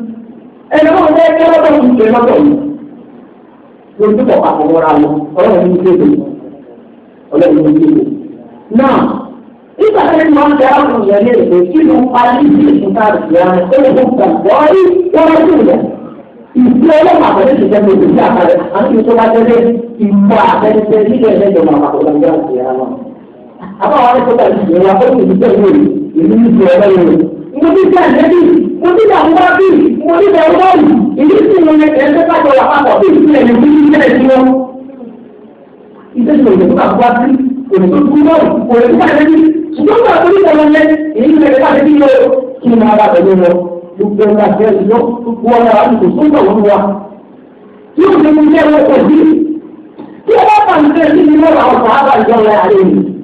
ẹni wọn fẹ́ kí lọ́dọ̀ yìí ṣe lọ́dọ̀ yìí lójú bọ̀ àkọ́kọ́ ra wọn ọlọ́run ní ṣe èdè ọlọ́run ní ṣe èdè náà nígbà tí wọ́n ń bẹ̀rẹ̀ àwọn èèyàn lè rè kí ló ń parí sí ìṣúná ìṣúná ó lè fún gbàgbọ́ rí wọ́n lọ sí ìlẹ̀ ìṣúná ọlọ́run àbẹ̀rẹ̀ ti jẹ́ gbèsè sí àkàrẹ̀ àti ìṣúná jẹ́ ìmọ̀ àbẹ̀rẹ̀ àbáwọn akẹ́kọ̀ọ́ yìí ẹ̀rọ akẹ́kọ̀ọ́ yìí tẹ̀lé rẹ̀ èmi ní ti ọ̀rẹ́ rẹ̀. mo ti tẹ̀ ẹ́ mo ti tẹ̀ ọ́ bí mo ti tẹ̀ ọ́ bí ìdí sì mo ní ẹ̀ ń wà papọ̀ bí ìpínlẹ̀ ní bí ìpínlẹ̀ ti wọn. iṣẹ́ ìṣòro ìṣòro àti wá sí òṣèlú gbúgbọ́ òṣèlú pàdé bí ṣùgbọ́n gbà tó ní ìtọ́lọ́ èyí lè pàdé bí yóò kí n máa bá pẹ̀lú wọn gbogbo ẹ̀ka fẹ́ lọ gbogbo ọ̀la àdúgbò tó ń wọn wá. yóò ní mo jẹ́ ọkọ̀ bí tí ó bá pàǹtẹ̀ sí ni wọ́n làwọn sàábà ìjọba àlejò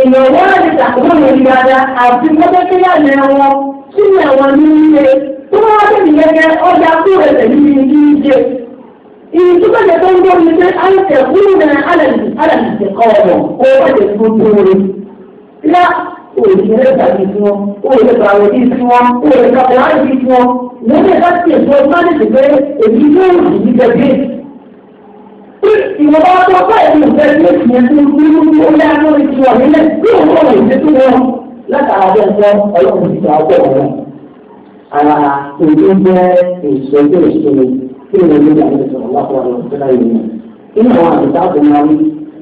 èèyàn wọ́n láti ṣàkóso yẹn dáadáa àti mọ́tẹ́kẹ́yà náà wọn kí ni àwọn ní ilé tó bá wá tẹ̀lé gẹ́gẹ́ ọjà kú rẹ̀ tẹ̀lé ní ibi ìjẹ. Ìyí tó bẹ̀rẹ̀ tó ń gbọ́ mi pé àìsẹ̀ kúrò náà alàlì alàlì ti kọ́ ọ̀rọ̀ ó bẹ̀rẹ̀ tó dóore. Lá òòlù rẹ̀ tàbí fún wọn, òòlù bàwọ̀ yìí fún wọn, òòlù bàwọ̀ yìí fún wọn. Lọ́dẹ̀ láti èso máa ń ìwọ̀n bá tó báyìí ní ìfẹ́ ní ìfìyẹ tó ń bí ní orí agbórí ti wà nílẹ̀ bí òun náà lè dé tó wọn látara bẹ́ẹ̀ sọ ọlọ́run ti gbà ọgbẹ́ wọn. ara èyí jẹ́ èso tó èso ni kí ni ìlú sọ̀rọ̀ wá ọ̀rọ̀ ìṣẹ́lá yìí inú àwọn àmì táàbù máa ń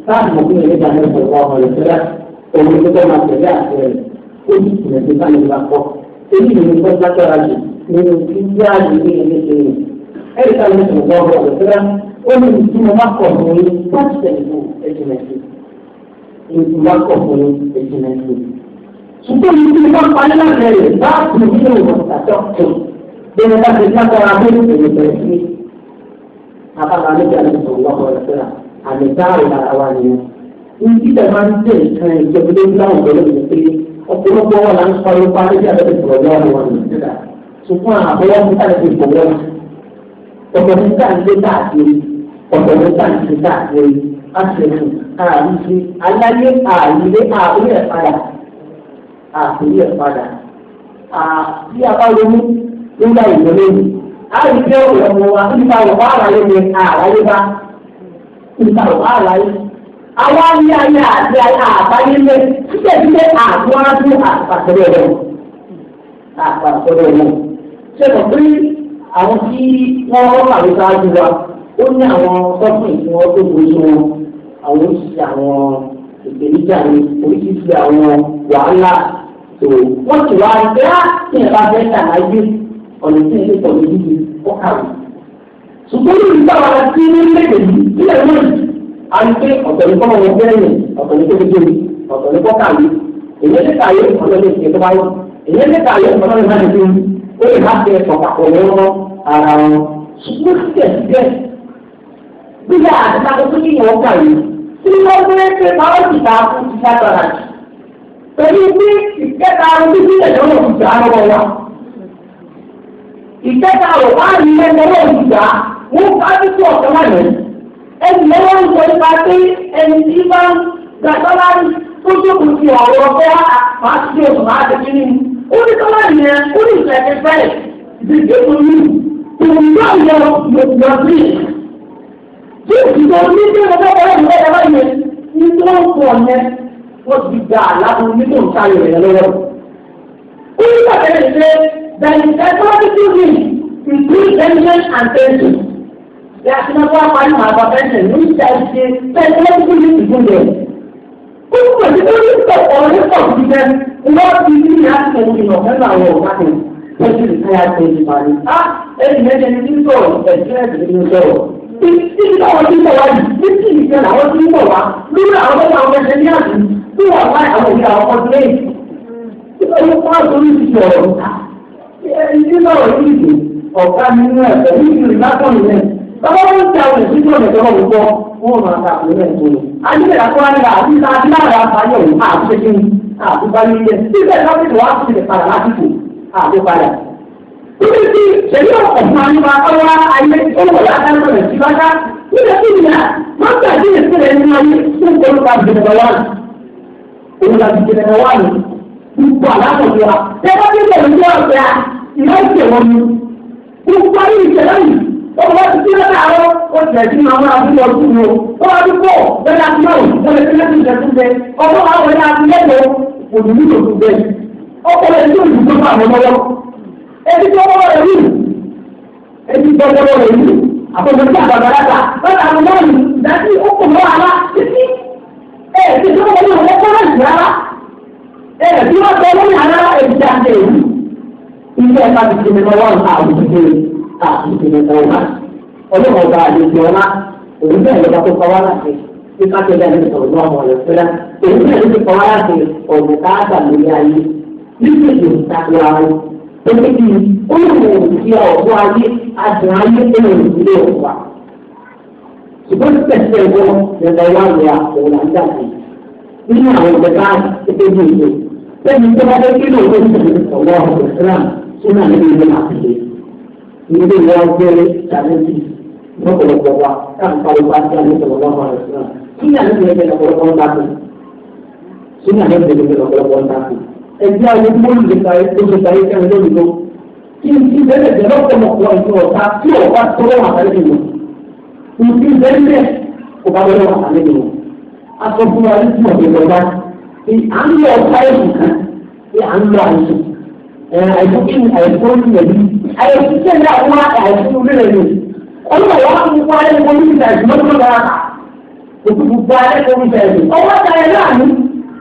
táàbù kí ni ìgbà ní sọ̀rọ̀ wá ọ̀rọ̀ òun tó tọ́ ó ní ìdí mo má kọ̀ fún yín láti tẹ̀lé ẹ̀jìnlẹ̀ sí i ìdí mo má kọ̀ fún yín ẹ̀jìnlẹ̀ sí i. ṣùgbọ́n ìdí mo má parí láti rẹ̀ láti ní ìlú ìwọ̀nsàtọ̀ tó bẹ́ẹ̀ bá ti lágbára bí ìrìnbẹ̀rẹ̀ sí i. àbára méjì àlejò lọ́kọ̀ rẹ̀ síra àmì dáhùn lára wa nìyẹn. ní títẹ̀ máa ń tẹ̀ kan ìjọba lórí láwùjọ lórí pé ọ̀pọ̀lọpọ̀ wọn là ń sọ ọ̀pọ̀ ní sáà káàkiri ọ̀pọ̀ ní sáà káàkiri aṣèlú àríṣe aláyé àrílé àbúrò ẹ̀ padà àbúrò ẹ̀ padà àbí abáyọmú nígbà ìwọlé mi àríṣe wa nípa ọ̀pọ̀ àlàyé mi àlàyé bá nípa ọ̀pọ̀ àlàyé àwa ní ayé àti àbáyé lé síbẹ̀síbẹ̀ àgbọ̀n àti àpàtẹ́rẹ́ rẹ̀ àpàtẹ́rẹ́ rẹ̀ ṣe kọ̀ pé àwọn tí wọ́n rọ́pà ló wa ó ní àwọn sọ́kùnrin tí wọ́n tó gbé wọn àwọn oṣìṣẹ́ àwọn ìpèníjà ní oríṣiríṣi àwọn wàhálà tó wọ́n ti wá ẹgbẹ́ ah, tí ẹ bá fẹ́ ṣàlàyé ọ̀nà tí ẹ lè pọ̀ lójú ó kàwé. ṣùgbọ́n ní ìgbà wa sí nílẹ̀ yìí nílẹ̀ náà a ń gbé ọ̀tọ̀ ní kọ́mọ̀ wọn bẹ́ẹ̀ yẹn ọ̀tọ̀ ní kébé ọ̀tọ̀ ní kọ́kàwé ó lè má bẹ pàtàkì lọ́wọ́ ara wọn ṣùgbọ́n síbẹ̀síbẹ̀ gbígbà àtàkùn tó ní ìwọ̀n kà yìí tí wọ́n fẹ́ pé báwọn ti ta fún ti ta tọ̀ra jù pẹ̀lú pé ìkẹta onídìí ẹ̀dọ́ ló ti gbà lọ́wọ́ wa ìkẹta rẹ̀ wá rí ẹ̀dọ́ ló ti gbà wọ́n bá ti tó ọ̀sán wà lẹ́yìn ẹni lọ́wọ́ ń sọ nípa pé ẹni tí bá ń gbàgbọ́ láti tó tó kù sí ọ̀rọ̀ ọ̀fẹ́ àti àti tí o máa tẹ̀sí nínú ó ní kọ́lá yẹn ó ní ìfẹ̀fẹ̀ báyìí dèjé omi òun náà yọ lòpọ̀ sí i. tí ìdìbò ní bí wọn bá wọlé ìwé ẹ̀rọ yẹn ní tó ń pọ̀ yẹn wọ́n ti gba àlàbò nínú ìtayọ̀ rẹ̀ lọ́wọ́. ó ní bàtẹ́ rẹ̀ pé bẹ̀rẹ̀ ìfẹ́kọ́lẹ́tì mi ìpín tension and tension. Bí a ti náà wá parí màá bá pension ní ìta ìṣe fẹ́ẹ́ tẹ́lẹ̀ Gbogbo ẹni ní sọ ní pọ̀jù jẹ́ wọ́n ti ní àtẹ̀yìn ìrọ̀mẹ́lá àwọn ọ̀gá rẹ̀ lọ́sí ìkáyà tó ti parí. Á ẹni méje ni tí ń sọ̀rọ̀ ẹ̀sìnẹ́sì ni ń sọ̀rọ̀. Títí ní tí ń bọ̀ wá títí ìṣẹ́ làwọn tí ń bọ̀ wá lórí àwọn ọmọ àwọn ẹgbẹ́ ní àjù tí wọ́n bá àwọn ìyá ọkọ sílẹ̀ yìí. Ìṣòro fún tí sọ̀rọ̀ yìí ọ̀gá bàbá wọn ń àwọn èsì tó lẹsẹ wọn gbọ́ wọn máa ta àwọn ẹgbẹ́ tó lọ. àdìgbẹ̀rẹ̀ àkọ́wá nígbà àti ìta àti láàrá àbáyọ̀ òun àti ṣẹ́gun àti báyọ̀ ilẹ̀ síbẹ̀ lọ́sẹ̀ wà á ti lè padà lásìkò àti padà. ibi tí ṣèlú ọ̀pọ̀ fún àyíká ọwọ́ ayé olùwọ̀ látàrí rẹ̀ sí bàtà nígbà tí ìyá máa ń gbà dé ìsìn rẹ̀ nínú ayé fún olùkà jẹ̀nẹ̀rẹ̀ wà ní. olùkà jẹ̀nẹ̀rẹ̀ wà ní gbogbo àlàkọ̀jọ́ ọmọ bá ti sí lọ́dà àárọ̀ ó jẹ̀ sí àwọn àbúrò ọdún wo ó wá dúpọ̀ bẹ́ẹ̀ àti náà wọ́n lè fi lẹ́sìn ìjẹ́sìn bẹ́ẹ̀ ọmọ àwọn ẹ̀yà àti lẹ́kọ̀ọ́ òdì nílò tó bẹ́ẹ̀ ọkọ̀ rẹ̀ tó ìlú tó fà wọ́n lọ́wọ́ ẹbí tó wọ́n rẹ̀ rí ẹbí tó wọ́n rẹ̀ rí àtọ̀gbẹ́ tí àgbàgbà láta lọ́dà àwọn náà yìí dájú ó kò mọ́ àlá títí ẹ̀ẹ́dì tó wọ́n rẹ̀ wọ́n kọ́ rẹ̀ rárá ẹ̀ẹ́dì tó wọ́n rẹ̀ wọ́n rẹ̀ rárá ẹ̀ẹ́dì káàkiri ìpínlẹ̀ ọ̀la ọlọ́run ọba àlejò ọlá òun bẹ́ẹ̀ lọ́ba tó pa wá láti ṣe kákẹ́lẹ́ ẹni sọ̀rọ̀ lọ́wọ́ ọmọ rẹ̀ fẹ́lá òun bẹ́ẹ̀ ló ti pa wá láti ọ̀gbìn káàkà lórí ayé nígbà èdè ìtakò ara ó ní bí olùkọ́ òkúta ọ̀gbọ́n ayé adùn ayé ẹ̀rọ ìdílé ọ̀gbà ṣùgbọ́n pẹ̀sẹ̀ ẹ̀gbọ́n lẹ́gbẹ̀ẹ́ wà ní àkọ́ọ̀lá ń dàgbé nínú àwọn ìgbẹ́ká ẹgbẹ́ bí ìgbẹ́ lẹ́yìn tó bá dé kí lóòótọ́ ìgbẹ́ ọ̀gbọ́n ọ̀gbẹ́ fúlàn sínú àlejò ìgbẹ́ máa fi lè ilé ìwọ gbére tàbí lọ́pọ̀lọpọ̀ wa káàmù pariwo bá ti àlejò lọ́wọ́ àwọn àlejò náà sínú àlejò ẹgbẹ́ lọ́pọ̀lọpọ̀ ń dákú sínú àlejò ẹgbẹ́ lọ́pọ̀lọpọ̀ ń dákú ẹgbẹ́ àwọn olùdókòwò lè ka oṣù tàyé kẹrin lórí tó kí n ti bẹ́ẹ̀ bẹ́ẹ̀ lọ́pọ̀lọpọ̀ ìṣó ọ̀tá tí ọ̀tá tó lọ́wọ́ àlejò àìsókè àìsókè rẹ̀ yìí. àìsókè náà wá àìsókè rẹ̀ yìí. ọlọ́wọ́ wa ń wá ẹni wọ́n ní ìdájọ́ lọ́dún náà. òkú gbogbo alẹ́ tó ń bẹ̀rẹ̀ lò. ọwọ́ ta ẹ̀ láàánú.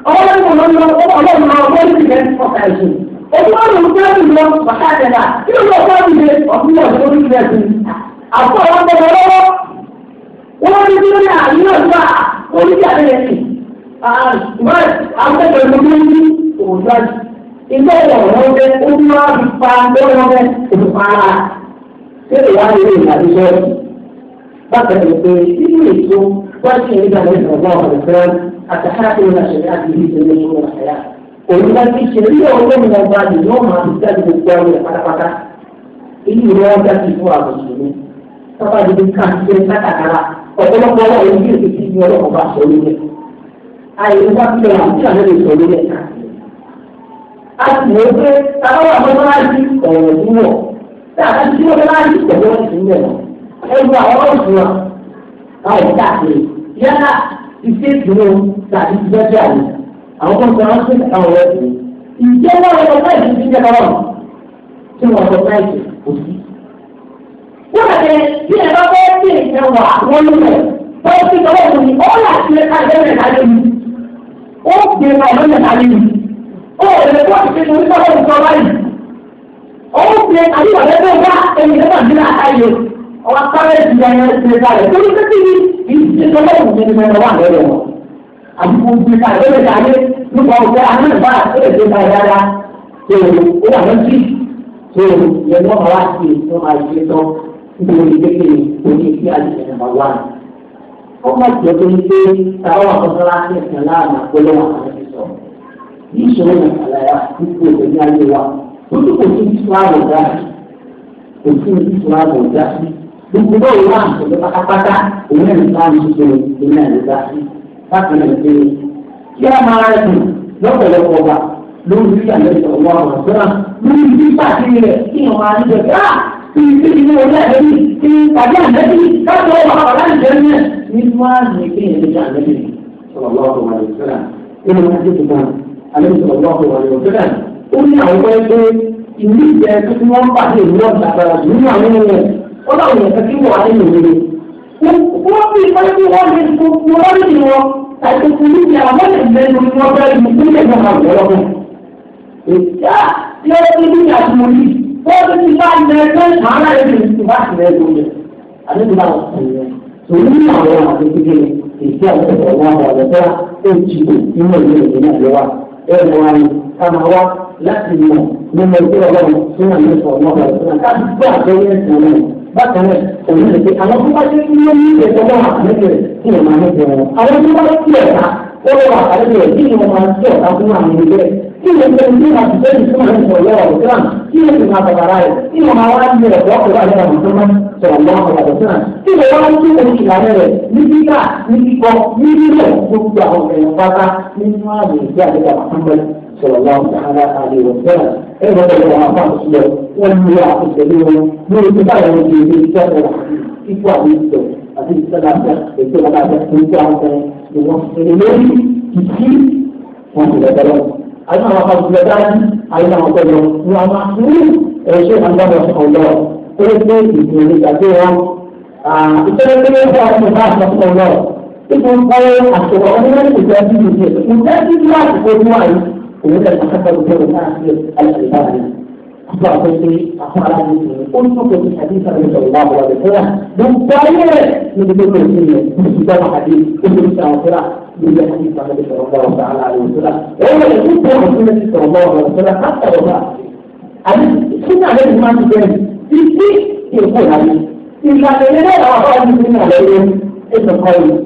ọwọ́ ní mo lọ́nà ọlọ́run náà wọ́n ti rẹ̀ ọ̀ka ẹ̀sìn. òkú wọn lò ó fẹ́ mi lọ bàtà àtẹ̀là. kí ló lọ́ọ́ fọ́ọ́ mi lé ọ̀kú náà tó ń bẹ̀rẹ̀ sí. àpò àwọn ọmọ lọ́wọ́. ní kí ní ilé ìyàwó jẹ ó ní wá fi pa lọ́wọ́ bẹ́ẹ̀ olùpara tẹ́lẹ̀ wá lórí ìlànà ìṣẹ́ bákan náà pé nínú ètò wọ́n ti ń gbà lẹ́nu ọ̀gbọ́n ọ̀gbọ́n àtàkàtà ìlànà ìṣẹ̀lẹ̀ àti ìlú ìṣẹ̀lẹ̀ ìṣẹ̀lẹ̀ àṣàyà òun bá ti ṣe ilé ọ̀gbọ́n mi wọn bá lè yọ̀ọ́ máa fi jáde gbogbo àwọn ẹ̀ pátápátá inú ìwé wọn já sí fún àwọn ìṣòro pápá ìdílé káàkiri kátàkárà ọ̀pọ̀lọpọ̀ ọlọ́run yìí èsì ti ní ọlọ́run bá sọ lórí ẹ̀ àìlú bá fi lọ àwọn tí àwọn ènìyàn sọ lórí ẹ̀ káàkiri a sì mọ̀ pé tábàwà mọ́sálásí ọ̀rọ̀ ìdúró tí a ti dúró mọ́sálásí pẹ̀lú ọ̀sìn rẹ̀ ẹ̀rù àwọn ọ̀sùn wa káwọn káàkiri yálà iṣẹ́ ìdúró tàbí ìgbẹ́jì àwọn àwọn kan sọ wọn sí àwọn ẹ̀sìn ìjẹ́ wọn lọ láì fi jíjẹ lọ́wọ́ tí wọn lọ láì fi kò sí. wọ́n àti bí ẹ bá fẹ́ sí ìṣẹ́ wà wọ́n lù rẹ̀ fẹ́ sí ìṣọwọ́ òní ó ẹ̀ka ìṣẹ́ ó lè kó àti ṣẹ́nu nípa ọ̀hún sọ báyìí. ọ̀hún ṣe àyíwá lẹ́gbẹ̀ẹ́ wá ẹni lẹ́gbẹ̀ẹ́ àbí náà ayò ọ̀wá sáré ti ya ẹni ti ta rẹ̀ torí pé kíni ìṣèjọba ọ̀hún ṣe ni mo wà lẹ́rẹ̀ wọn. àbùkù ti ta rẹ̀ lórí ìdáyé nípa ọ̀gá anáàbá lórí ìdí ta ìdára tó o wà lọ́sí tó o yẹ kó máa wá sí ètò àìṣe tán nítorí kékeré òní ìdí àìṣe nàmbà wá. ó má jẹ́ pé ní pé tàwọn àkọsọ́lá ń tẹ̀sán láàmú àpolówó àwọn ẹ̀ ní ìṣòro àlàyé àkókò ìgbẹ́ni ayé wa lójú kò sí ìsúláàbò dá sí kò sí ìsúláàbò dá sí gbogbo báwo wà àtẹ̀lé pátápátá òun náà nípa àmúṣe òun náà ló dá sí láti náà ṣe é kí a máa rẹ̀ dùn lọ́pọ̀lọpọ̀ ọba lórí ìyàlẹ́sọ̀ ọwọ́ àwọn àgbẹ̀rà lórí bíbá sí rẹ̀ kí wọ́n máa ń jẹ ká kí n tí ìlú ọjọ́ kí n tàbí àdẹ́bí káàtó ọba ọ̀la ìdẹ́bí nínú àmì kí n ìdẹ́bí àdẹ́bí sọ̀rọ̀ lọ́wọ́ alẹ́ ìsọ̀rọ̀ ọ̀pọ̀ wà ní ọ̀gbẹ́dà ó ní àwọn ọ̀gbẹ́ pé ìlú ìjẹ tuntun wọn bá dé ìlú ọ̀gbà àgbàrá jù nínú àwọn ohun ẹ̀ ó láwọn èèyàn kí wọ́n á wọ́n fi ìpàdé bí wọ́n lè kó wọ́n lè lọ àti kò ní ìyá wọ́n lè lẹ́nu wọn bẹ́ẹ̀ ní ìpínlẹ̀ náà máa wọ̀ ìyá tí ó ti ní àtúmọ̀ yìí wọ́n ti bá ilẹ̀ ẹgbẹ́ ìmọ̀ràn rẹ̀ ní tó ń ti nínú ìlú ìlú náà lọ́wọ́ ẹ̀rù àyè kàmá wa láti mọ̀ nínú ẹgbẹ́ ọlọ́run tí wọ́n lè sọ ọ̀nà ọ̀rọ̀ láti gbọ́ àtẹ́yẹ ẹ̀sìn ọlọ́run bákan náà òun lè pe àwọn tó bá dé ní ó ní ìgbésẹ̀ náà àtẹ́yẹ tí wọ́n máa ń bẹ̀rẹ̀ àwọn tó bá dé sí ẹ̀ka ó lọ́wọ́ àtẹ́yẹ tí wọ́n máa ń sí ọ̀tá fún àwọn ẹgbẹ́ kí ló ń bẹ ní ma ṣiṣẹ́ ní fún àwọn ìṣòro ọ̀rọ̀ sílám kí ló ń ma bàbàrà rẹ̀ kí ló ma wá ní ọ̀dọ́ ọ̀rọ̀ àyẹ̀wò àmọ̀tọ́mọ́ sọ̀rọ̀ lọ́wọ́ ọ̀rọ̀ sílám kí ló wá ń tún orí ìlànà rẹ̀ ní kíkà ní kíkọ ní rírọ̀ gbogbo àwọn èèyàn pátá nínú àmì ìgbé àdébà àkànbẹ sọ̀rọ̀ lọ́wọ́ àyẹ̀wò sílám ẹ̀rọ ọ̀rọ̀ àwọn afáàmù sílẹ̀ wọ́n ní àkùsẹ̀lẹ̀ wọn lórí pípa ìrọ̀lẹ́ ìdílé iṣẹ́ ọ̀rọ̀ ikú àti ìṣẹ̀ àti ìṣẹ̀dáṣẹ̀ ètò ọ̀dáṣẹ̀ tó ń tẹ́ àwọn ọ̀rẹ́ ìwọ̀n èrè lórí ìṣí wọn kò lọ́dọ̀ lọ́wọ́. أين هو خالد بلدان؟ أين هو كل يوم؟ نعم نعم إيش عن بعض الأوضاع؟ كل شيء يمكن يتأثيرهم إذا كان كل واحد من هذا الأوضاع يكون قوي أكثر من غيره في هذه الجزئية في هذه الجزئية في كل واحد ومن الأحسن في كل واحد في الأحسن أصبح في أصبح في كل شيء حديث عن الأوضاع ولا بد من تغيير من كل شيء من كتاب الحديث كل شيء أخره لله محمد صلى الله تعالى عليه وسلم وهو يكون في سنة صلى الله عليه وسلم حتى لو مات السنة عليه ما تجاري في شيء يقول عليه إن كان لنا أعطاء المسلمين عليهم اسم قوي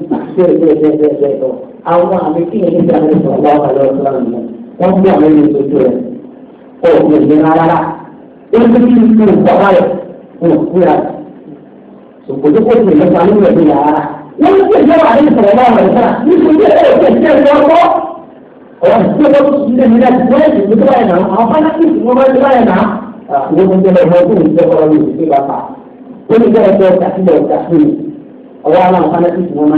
àwọn àmìkíyè ní ìjà ní sọ̀rọ̀ lọ́wọ́ àlọ́ ìsọ̀rọ̀ nù wọ́n fi àwọn ènìyàn sojú rẹ̀ kó o lè ní rárá wọ́n fi kí n fi ìjọba rẹ̀ fún òkúra ṣùgbọ́n tó kó o lè nípa nínú ẹ̀mí rárá wọ́n ti ṣe ìjọba àdéhùn sọ̀rọ̀ náà wọ̀ ẹ̀ka nítorí ẹ̀ ẹ̀ ṣe ìṣe ọkọ ọ̀rọ̀ ti ṣe wọ́n ti ṣe nílẹ̀ wọ́n ti ṣe tó báyìí náà àwọn fánákì tí wọ́n bá ti báyìí náà àwọn ọmọdé lọ wọ́n tó ń ṣe ọ̀rọ̀ lórí ìṣe ó ní bẹ́ẹ̀ bẹ́ẹ̀ ọ̀tà sílẹ̀ ọ̀tà sílẹ̀ ọwọ́ àwọn fánákì tí wọ́n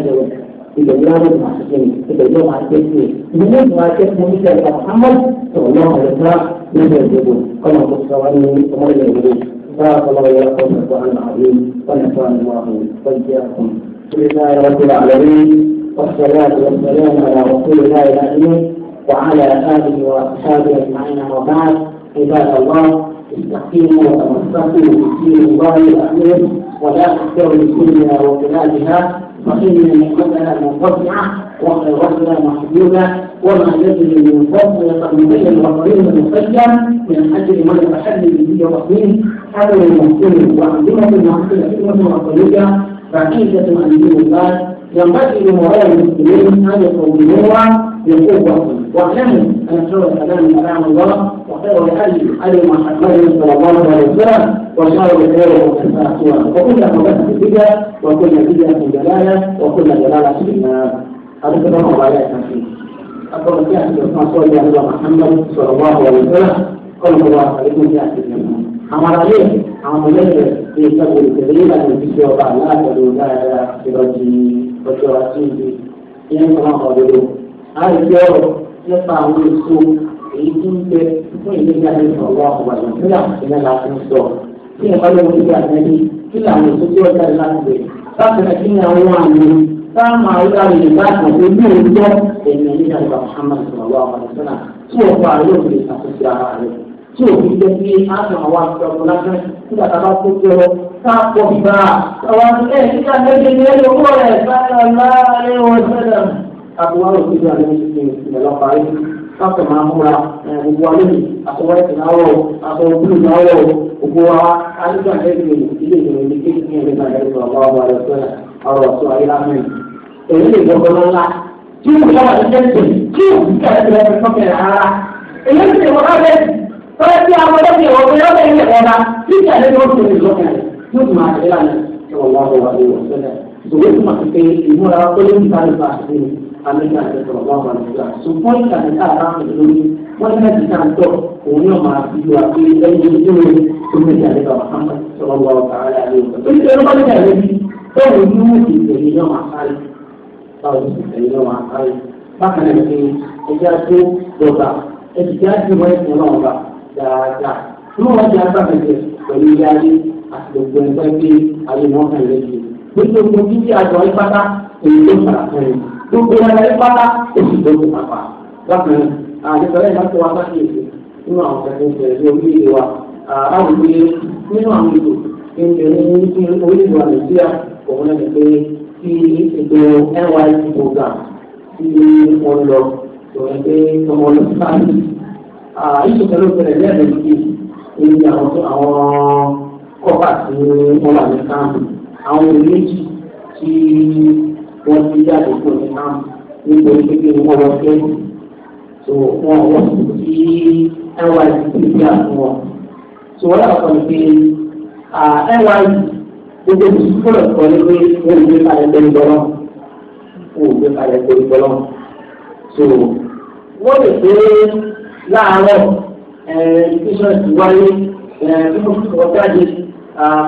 máa máa ti تدوروا مع الحسين تدوروا مع التسليم تدوروا مع التسليم مثل محمد صلى الله عليه وسلم لم يكذبون كما قصوا عنه وما بارك الله وياكم القران العظيم ونفعنا الله واياكم لله رب العالمين والصلاة والسلام على رسول الله الأمين وعلى آله وأصحابه أجمعين وبعد عباد الله استقيموا وتمسكوا بدين الله الأمين ولا تكفروا بكلها وبلادها ان القدر منقطعة الرجل محدودة وما يجري من فضل قد مبين وقريب مقيم من أجل ما يتحدى به وقيم حول المسلم وأنظمة معقولة حكمة وعقلية بعيدة عن دين الله ينبغي لمولاي المسلمين ان يقوموها بقوه واعلموا ان خير الكلام كلام الله وخير الحج علي محمد صلى الله عليه وسلم وشر الخير وكل وكل في بدعه وكل بدعه جلاله وكل جلاله في النار هذا كلام الله لا يكفي أقول في أحد الله عليه محمد صلى الله عليه وسلم قال الله عليكم في أهل الجنة أمر عليه عملية في سبيل كبيرة في سورة الله ولا إلى الرجيم ọjọ́ àtúndì ní nǹkan ọ̀rọ̀ àìsí ọ̀rọ̀ nípa àwọn èso èyí tí ń bẹ fún ìlera ní ọ̀wọ́ àwọn ìpínlẹ̀ àtìlẹ́ láti ń sọ kí ẹ̀ka ló ń gbé àtẹ́lẹ́ kí làwọn èso tí wọ́n jáde láti bẹ̀ bákan náà kí ni àwọn àmì táwọn àwòrán àwọn ìgbà kan tó ní òótọ́ ẹ̀mí nígbà ìgbà Muhammad sọ̀rọ̀ àwọn ìpínlẹ̀ tí wọ́n fa àlọ́ òfin ìṣàkóso ara rẹ̀ tí òfin jẹ́ pé á káàpọ̀ gbà àwọn ẹ̀ nígbà méje ní ẹ̀yọ kúrò rẹ̀ sáyà láàrin wọn sẹ́lẹ̀. àbúrò òṣèlú àti ìṣẹ̀lẹ̀ parí káàpọ̀ máa múra gbogbo alẹ́ mi àtọwọ́ ẹ̀sìn náà wọ̀ àtọwọ́ búlù náà wọ̀ gbogbo wa alẹ́gbà lẹ́yìn ilé ìgbìmọ̀ ní kéèkì ní ẹ̀rẹ́gbà lẹ́yìn ọ̀gá ọ̀gá rẹ̀ sọ́yà ọ̀rọ̀ ọ̀ṣọ́ ayé lámẹ́ èyí lè gbọ́ gbọ́dọ̀ ńlá tí ó wà ní ẹ̀sìn tí ó fi kẹ́lẹ́ lọ sí sọ́kẹ̀rẹ̀ ara èyí sì wọ́n á bẹ́ẹ̀ yóò tún máa tẹ̀lé àná ṣọwọ́ wá wọ àwọn èèyàn sọ́dọ̀ ìṣòwò tún máa ti pé ìmúra ó lé nípa nípa àti àmẹ́ta àti ṣọwọ́ wá wọ àwọn èèyàn ṣùgbọ́n ìkànnì káàrá àti lórí wọ́n ní láti ká ń tọ̀ òun yóò máa fi lu àti ẹni tó rẹ̀ tó ní ìjà nípa Muhammad ṣọwọ́ wá wọ àwọn èèyàn sọ́dọ̀ ìṣòwò tún máa tẹ̀lé àná ṣọwọ́ wá wọ àti gbogbo ẹgbẹ́ pé ayé wọn kàn lẹ́yìn. Gbogbo ọmọ bíbí àjọ ìpátá èyí ló fara fún ẹ. Gbogbo ẹ̀rọ ìpátá èsì ló kó pàpà. Bákan àdìsọ́lá ìbá tó wá sáké èsì nínú àwọn kẹ̀kẹ́ ìṣẹ̀lẹ̀ ní orílẹ̀-èdè wa. Àwọn ìwé nínú àwọn ètò ìṣẹ̀lẹ̀ ní orílẹ̀-èdè wa Nàìjíríà òun náà pé kí ètò NYC program tí wọ́n lọ sọ̀rọ̀ pé ọmọ ọlọ́sàn kọ́pà tí wọ́n wà ní káàmù àwọn méjì tí wọ́n ti jáde kó ní káàmù nítorí pé wọ́n lọ fẹ́ tó wọ́n wọ́n sí nyc ti fi àfún wọn. tó wọ́n yàtọ̀ ní pé nyc gbogbo ìsúkúrọ̀ kan ní pé wọ́n gbé kalẹ̀ lórí bọ́lọ́ wọ́n gbé kalẹ̀ lórí bọ́lọ́ tó wọ́n lè pé láàárọ̀ ẹ̀ ìfisọ̀tì wáyé tí mo sọ jáde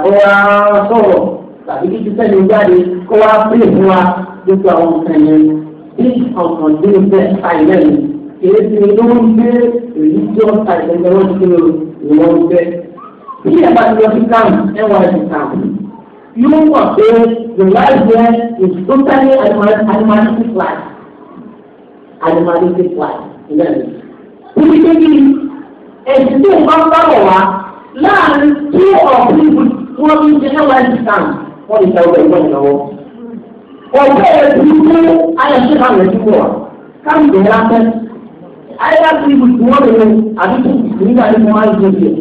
kó wá sọ̀rọ̀ tàbí kí títẹ́ mi jáde kó wá pè fún wa nípa àwọn nǹkan yẹn bí ọ̀sán tí mo fẹ́ àìlẹ́ mi kìí ti ló ń gbé èyí tí ó ta ìlẹ́gbẹ́ wọn ti lò ìwọ́n ń gbé. bí ẹ bá ti lọ sí kàm ẹwà ẹ̀ ti kàm yóò mọ̀ pé the life there is totally animalistic life animalistic life ìlẹ́nu. Ibi tó yí ẹ̀sìn tó ń bá ń bá wọ̀ wá láàrin two or three weeks wọ́n ti ṣe náà sàn wọ́n ti sàwọn ẹ̀gbọ́n ìnáwó. ọ̀pẹ́ ẹ̀sìn ní ayọ̀ṣẹ́ máa rẹ̀ sí wọ̀ káàmì bẹ̀rẹ̀ lápẹ́. ayọ̀ṣẹ́ three weeks wọ́n lè lo àdúgbò nígbà tí wọ́n máa ń gbé bìẹ̀.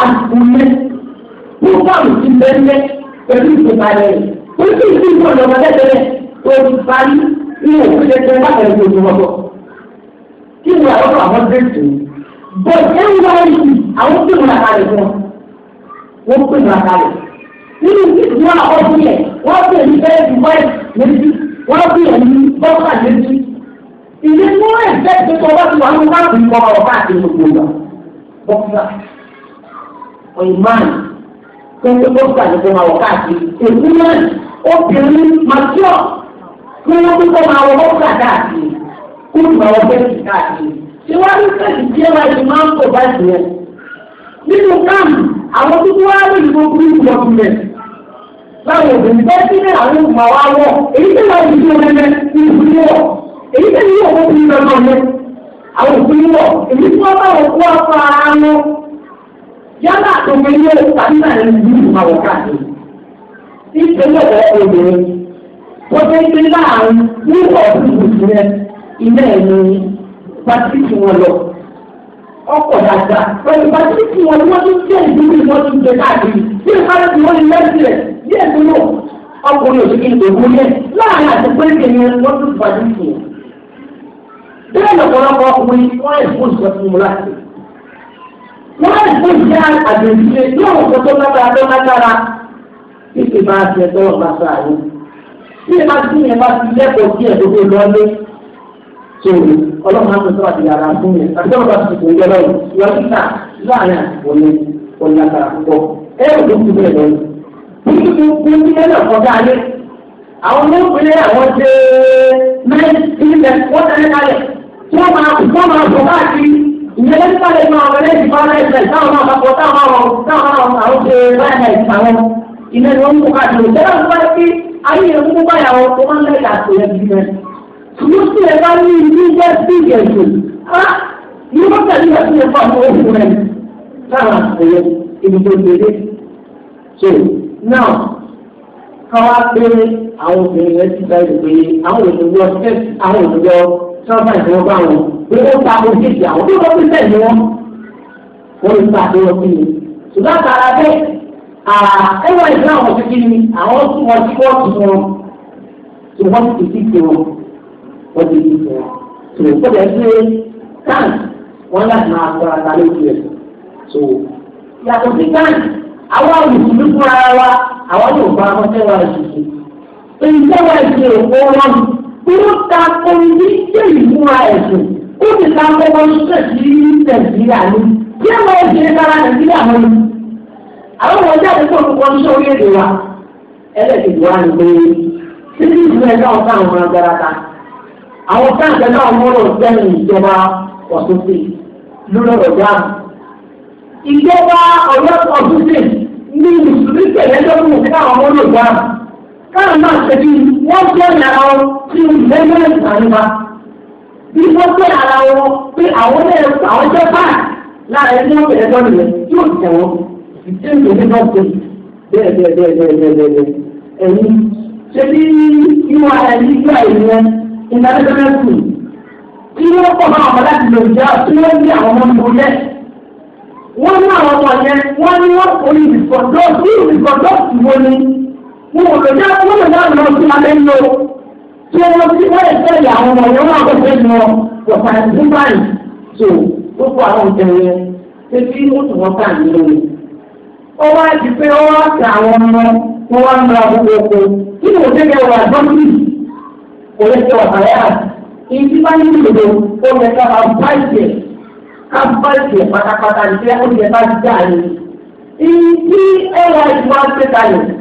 àtúnyẹ púpọ̀lù ti bẹ́ẹ̀ pẹ̀lú ìfipalẹ̀ rẹ̀. ó sì ń bọ̀ lọ́wọ́ bọ́ọ̀dù ẹ̀ ń wá ìlú àwọn tó ń ra kalẹ̀ fún wọn tó ń ra kalẹ̀ nínú ìdí wọn àwọn ọdún yẹn wọn pè ní bẹ́ẹ̀ dubai méjì wọn pè ní bọ́ọ̀kà méjì ìdí tó rẹ̀ bẹ́ẹ̀ tó sọ wọ́n ti wà nínú káàkiri kọ́ ọ̀rọ̀ káàkiri gbogbo wa bọ́ọ̀kà ọ̀yìnmáàlì tó ń pè bọ́ọ̀kà ní kó máa wọ̀ káàkiri èkú náà obìnrin màtíọ̀ kí wọ́n tó kọ́ máa wọ bọ́ọ̀kà káàkiri kó máa wọ bẹ́ẹ̀ káàkiri. ìwádìí sẹ́yìn díẹ̀ wáyé máa ń kó báyìí yẹn. nínú káàmù àwọn tó wá lè lo gírígì ọkùnrin láwọn obìnrin bẹ́ẹ̀ sí ní àwọn ọmọ wa wọ̀ èyí tó wà nínú ẹgbẹ́ nínú wọ̀ èyí tó yíwọ̀ wọ́n fi lọ́nà ọ̀lẹ́ àwọn òfin wọ̀ èyí tó bá wọn kó afọ yálà yóò tàbí náà pàtíkì wọn lọ ọkọ̀ dáadáa pẹ̀lú pàtíkì wọn ni wọ́n tún jẹ́ ìdílé ìwọ́n tún jẹ káàkiri bí ìpàdé tí wọ́n ní lẹ́sìn rẹ̀ díẹ̀ tó lò ọkùnrin òṣèlú ìdòwò yẹn láàrin àti pé kìnìún wọ́n tún pàtíkì wọn. bẹ́ẹ̀ lọ́pọ̀lọpọ̀ ọkùnrin wọ́n ẹ̀ fún ìṣẹ́ fún un láti. wọ́n ẹ̀ fún ìṣẹ́ àgbẹ̀dìṣe yóò sọ tó lágbára tó lágbára bí ìbá ti ẹ̀ tọ́lọ̀ bá sáà yìí. bí ìbá ti yẹn bá ti lẹ́kọ̀ọ́ so ọlọ́run á tẹ̀síwá di ara fún yẹn àti tọ́lọ́ bá ti kò ń yẹ lọ́rùn ìwà títà láàrin àsìkò ní ọ̀nà àkàrà púpọ̀ ẹ ò tó kú bẹ́ẹ̀ lọ́rùn. títí tó kú ní ẹ̀rọ kọjá lé àwọn olóògbé àwọn ṣe mẹ́rin ilẹ̀ wọ́n tẹ̀lé kalẹ̀ tí wọ́n máa kọ́ máa sọ káàkiri ìyẹn lẹ́yìn pàdé máa wọ lẹ́yìn ìfọ̀ aláìsẹ̀ táwọn máa papọ̀ táwọn máa wọ táwọn máa wọ ṣe báyà ìfàwọn ìlẹ̀ ni wọ́n mú káàkiri òṣèlú àti báyà pé ayé ìrẹ̀kú báyà wọn tó máa ń lẹ́yìn àtòyẹ̀ bíi mẹ́rin ṣùgbọ́n tí ẹ bá ní ilé jẹ́ sí ìyẹ̀jù á ní wọ́n tẹ̀lé ẹ̀ fún ẹ̀fọ́ àwọn òkú rẹ̀ lára àkọyẹ ibi tó gbélé. so now káwá pé àwọn obìnrin rẹ̀ ti gba ìdòwé àwọn òṣèlú ọ̀sẹ̀ àwọn òṣèlú sábà ìdánwò bá wọn pé ó ta ojúṣe àwọn tó lọ sí tẹ̀lé wọn wọ́n lè ta àdéhùn sí mi ṣùgbọ́n àtàrà bẹ́ẹ̀ ẹ̀wọ̀n ìgbà àwọn ọ̀sẹ̀ kí ni àwọn tí wọ́n ti wọ́n ti wọn tí wọ́n ti ti ti wọn ó ti di fún wọn. tó o dẹ̀ gbé kan wọn láti máa sọ ata lójú ẹ̀. tó yàtọ̀ sí kan àwọn olùdílé fún ara wa àwọn yóò bá wọn tẹ́wà ìṣòṣe. èyí tẹ́wà ìṣe òkú wọn bí wọ́n ta orin ní ṣé ìmúra ẹ̀sùn ó ti ta kọ́kọ́ ṣẹ̀ṣì nàìjíríà ni kí ẹ̀ wọ́n ṣe kára nàìjíríà wọn ni. àwọn ọmọ ọjà àdúgbò ń kọ́ sórí èdè wa ẹlẹ́sìn wa ni pé títí ìlú ẹ̀dá ọ̀sán àwọn agbára ta àwọn sáǹtẹ̀ náà mọ́rọ̀ sẹ́yìn ìjọba ọ̀túnṣe lórí ọ̀rọ̀ jáàmù. ìjọba ọ̀túnṣe ní mùsùlùmí tẹ̀lé lọ́dún òfin àwọn mọ́rọ̀ jáàmù. káàmù náà ṣe wọ́n jẹ́ ara wọn tí ìlẹ́gbẹ̀rẹ̀ sàníba. bí wọ́n jẹ́ ara wọn pé àwọn àwọn jẹ́ báyìí láàrin tí wọ́n bẹ̀rẹ̀ rẹ̀ yóò tẹ̀wọ́ ìtẹ́ǹdì ní nọ́ọ̀sì bẹ́ẹ̀ international school tí wọ́n kọ́ bá ọmọ láti lò jẹ́ tí wọ́n ní àwọn ọmọ ìbò yẹ. wọ́n ní àwọn ọmọ yẹn wọ́n ní wọ́n orí ìfọ̀dọ́ ìfọ̀dọ́ lọ sí abẹ́ ń tí wọ́n wọ́n àwọn ọmọ yẹn wọ́n wọ̀fà oníṣẹ́ ọ̀hánà yá ìdí bá ní ìlú ó yẹ ká máa bá ìjẹ ká bá ìjẹ pátápátá ìjẹ ó yẹ ká dá ní. ìdí ẹ̀rọ ìwà gbẹ́ta yìí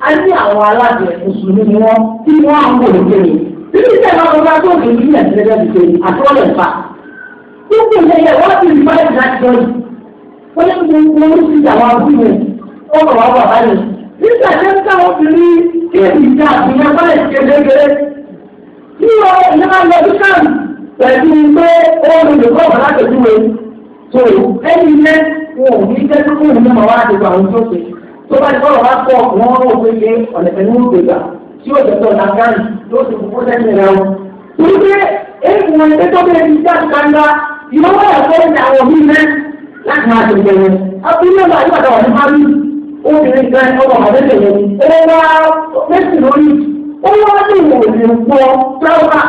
a ní àwọn aláàbẹ̀ mùsùlùmí ni wọ́n tí wọ́n á ń wò lókè yìí. títí tẹ̀ máa bá tó lè ní ẹ̀sẹ̀rẹ̀ lókè àtọ́lẹ̀ fa. gbogbo ìyẹn wọ́n ti rí báyìí láti jọ yìí. wọ́n ní gbogbo oríṣi àwọn abúlé wọn kọ̀ wá wà báyìí. nígbà tí wọ́n ká wọn fi rí kéèkì tí wọ́n ní máa pẹ̀lú pé ó ń lò kọ́ ọ̀rọ̀ láti ìwé tó ẹni ilé wọn ò ní jẹ́ tó kúrò nínú àwọn àdìgbò àwọn tó ṣe tó bá ìfọ̀rọ̀ wá pọ̀ wọ́n rò pé ṣe ọ̀nà pẹ̀lú ìgbègbà tí ó jẹ́ tó ọ̀nà káàmù tó ti kú fún sẹ́yìn rẹ̀ wọn. torí pé èyí wọn ṣe tó bẹ̀rẹ̀ ti já kanga ìlọ́wọ́ ẹ̀kọ́ ní àwọn mí mẹ́ láti máa ṣe jẹun. abúlé wà ó wá ní ìwòye gbọ́ sáwà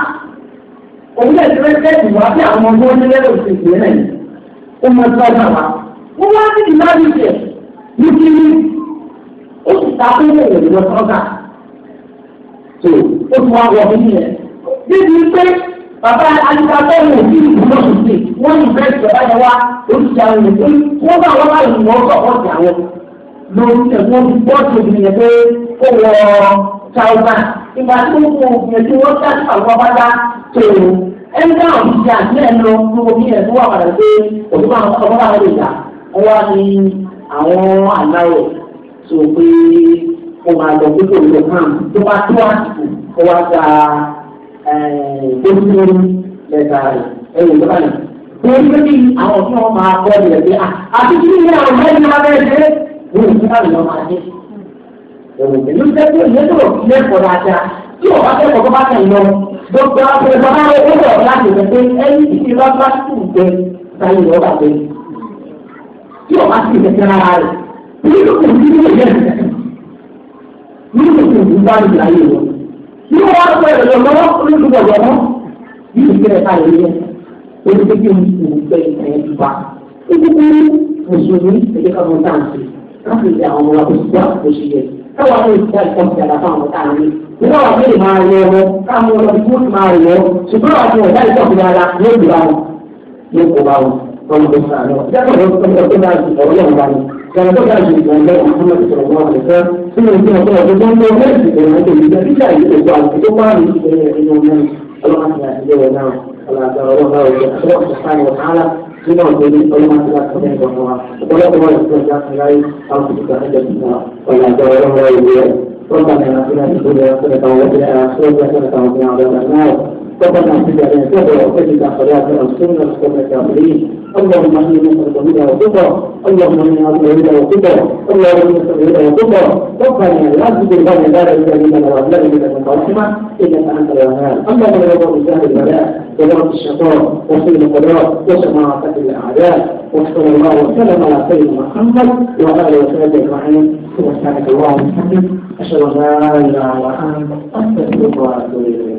orílẹ̀-èdè rẹ́sẹ̀tì wá sí àwọn ọmọ onílẹ̀ òṣèlú rẹ̀ ó mọ sáwà wá ó wá ní ìmáyìíṣẹ́ ní kíní ó sì ta kó ìwòye lọ sọ́gà tó ó tún wá wọ mí nìyẹn bíbi pé bàbá alùpàtọ́ mi ò bí ìgbìmọ̀ òṣèlú wọ́n ní bẹ́ẹ̀ sọ̀rọ̀ yẹn wá oríṣi àwọn ènìyàn wọ́n bá wọn láyé wọ́n sọ̀pọ̀tì lórí ẹ̀ wọ́n fi bọ́ọ̀tì obìnrin yẹn pé ó wọ ṣáwùmá ìgbà tí wọ́n kó gbèsè wọ́n dá sí àwọn abájá tòun ẹni náà ti jà ní ẹ̀ lọ gbogbo bí ẹ̀ tó wà padà pé òun máa ń kọ́ àwọn ìjà wọ́n ní àwọn aláwọ̀ tó pé mo máa lọ pé kò lọ hàn tó bá tó àsìkò kó wá gba gbóngbó lẹ́ta rẹ̀ ẹ̀wọ̀n tó bá yẹn. Wọ́n ní bí àwọn tí wọ́n máa kọ́ ẹ̀ lẹ́gbẹ̀ẹ́ àti kí ni àwọn ọ̀rẹ́ ìjọba bẹ́ẹ̀ ṣe é? Wọ́n ò èló jẹ́ pé ìyẹn tó lẹ́kọ̀ọ́ dáadáa tí ọba kẹ́kọ̀ọ́ tó bá kàn lọ gbogbo àpẹẹrẹ bá rẹ ó bọ̀ láti rẹ pé ẹni tí ìlú bá tù jẹ sáyé lọ bá pé tí ọba sì rẹ jẹ ara rẹ bí ó kò ní ilé yẹn ní kò kò ní bá ìlú ayé lọ bí ó wá pẹ́ ẹ̀rọ lọ́wọ́ olùdókòwò lọ́wọ́ bí ìkẹrẹ káyọ̀ yẹn olùdókòwò ìgbẹ́ ìgbẹ́ ìgbà ó kúkú mùsùlùmí ẹ̀jẹ̀ kan mọ́ táǹtì láti ìdí àwọn ọmọ wa kò sí káwọn àwọn ìṣe àìsàn ìjàlá fún àwọn táwọn ní. nínú àwọn àbúrò máa rẹ ẹwọ káwọn ọmọ ìdíkú máa rẹ ẹwọ ṣùgbọ́n àwọn ọ̀dà ìṣọ̀ fi dára ní òbí bá wọn ní òkú bá wọn wọn kò sàn lọ. ìjọba ìjọba ìjọba ìjọba ìjọba tó bá ti sọ̀rọ̀ wọn àlùfẹ́ sínú ìdí tó ń lọ mẹ́rin ìgbà wọn tó yíyá tó bá rí ìgbà yẹn nínú mẹ́rin ọlọ́run àti àtijọ́ wọn náà alága ọlọ́run náà ọjọ́ àti wọ́n ti sáré wọn náà sínú ọ̀sẹ̀ ní ọlọ́mọdé láti ní ẹ̀gbọ́n wa ọ̀pọ̀lọpọ̀ wọn ìṣẹ́ ìjà fún láyé àwọn òṣìṣẹ́ ẹ̀jẹ̀ fún wa ọ̀là àjọ ọlọ́mọdé ìwé rẹ̀ wọ́n gbà ní àwọn sílẹ̀ ìṣòro ẹ̀rọ sílẹ̀ táwọn ọ̀gbìn ẹ̀rọ sílẹ̀ táwọn ọ̀gbìn àwọn ọ̀gbìn náà وطنا في جناتها وسجد خلافه السنه وسنه الاخرين اللهم اني نسالك الهدى والتقى اللهم اني نسالك الهدى والتقى اللهم اني نسالك الهدى والتقى ربنا لا تزغ بنا بعد اذ هديتنا وهب من لدنك رحمه انك انت الوهاب اللهم لا يضر سهل البلاء وضرب الشيطان وسوء القضاء وشماعه الاعداء وصلى الله وسلم على سيدنا محمد وعلى اله وصحبه اجمعين سبحانك اللهم وبحمدك اشهد ان لا اله الا انت استغفرك واتوب اليك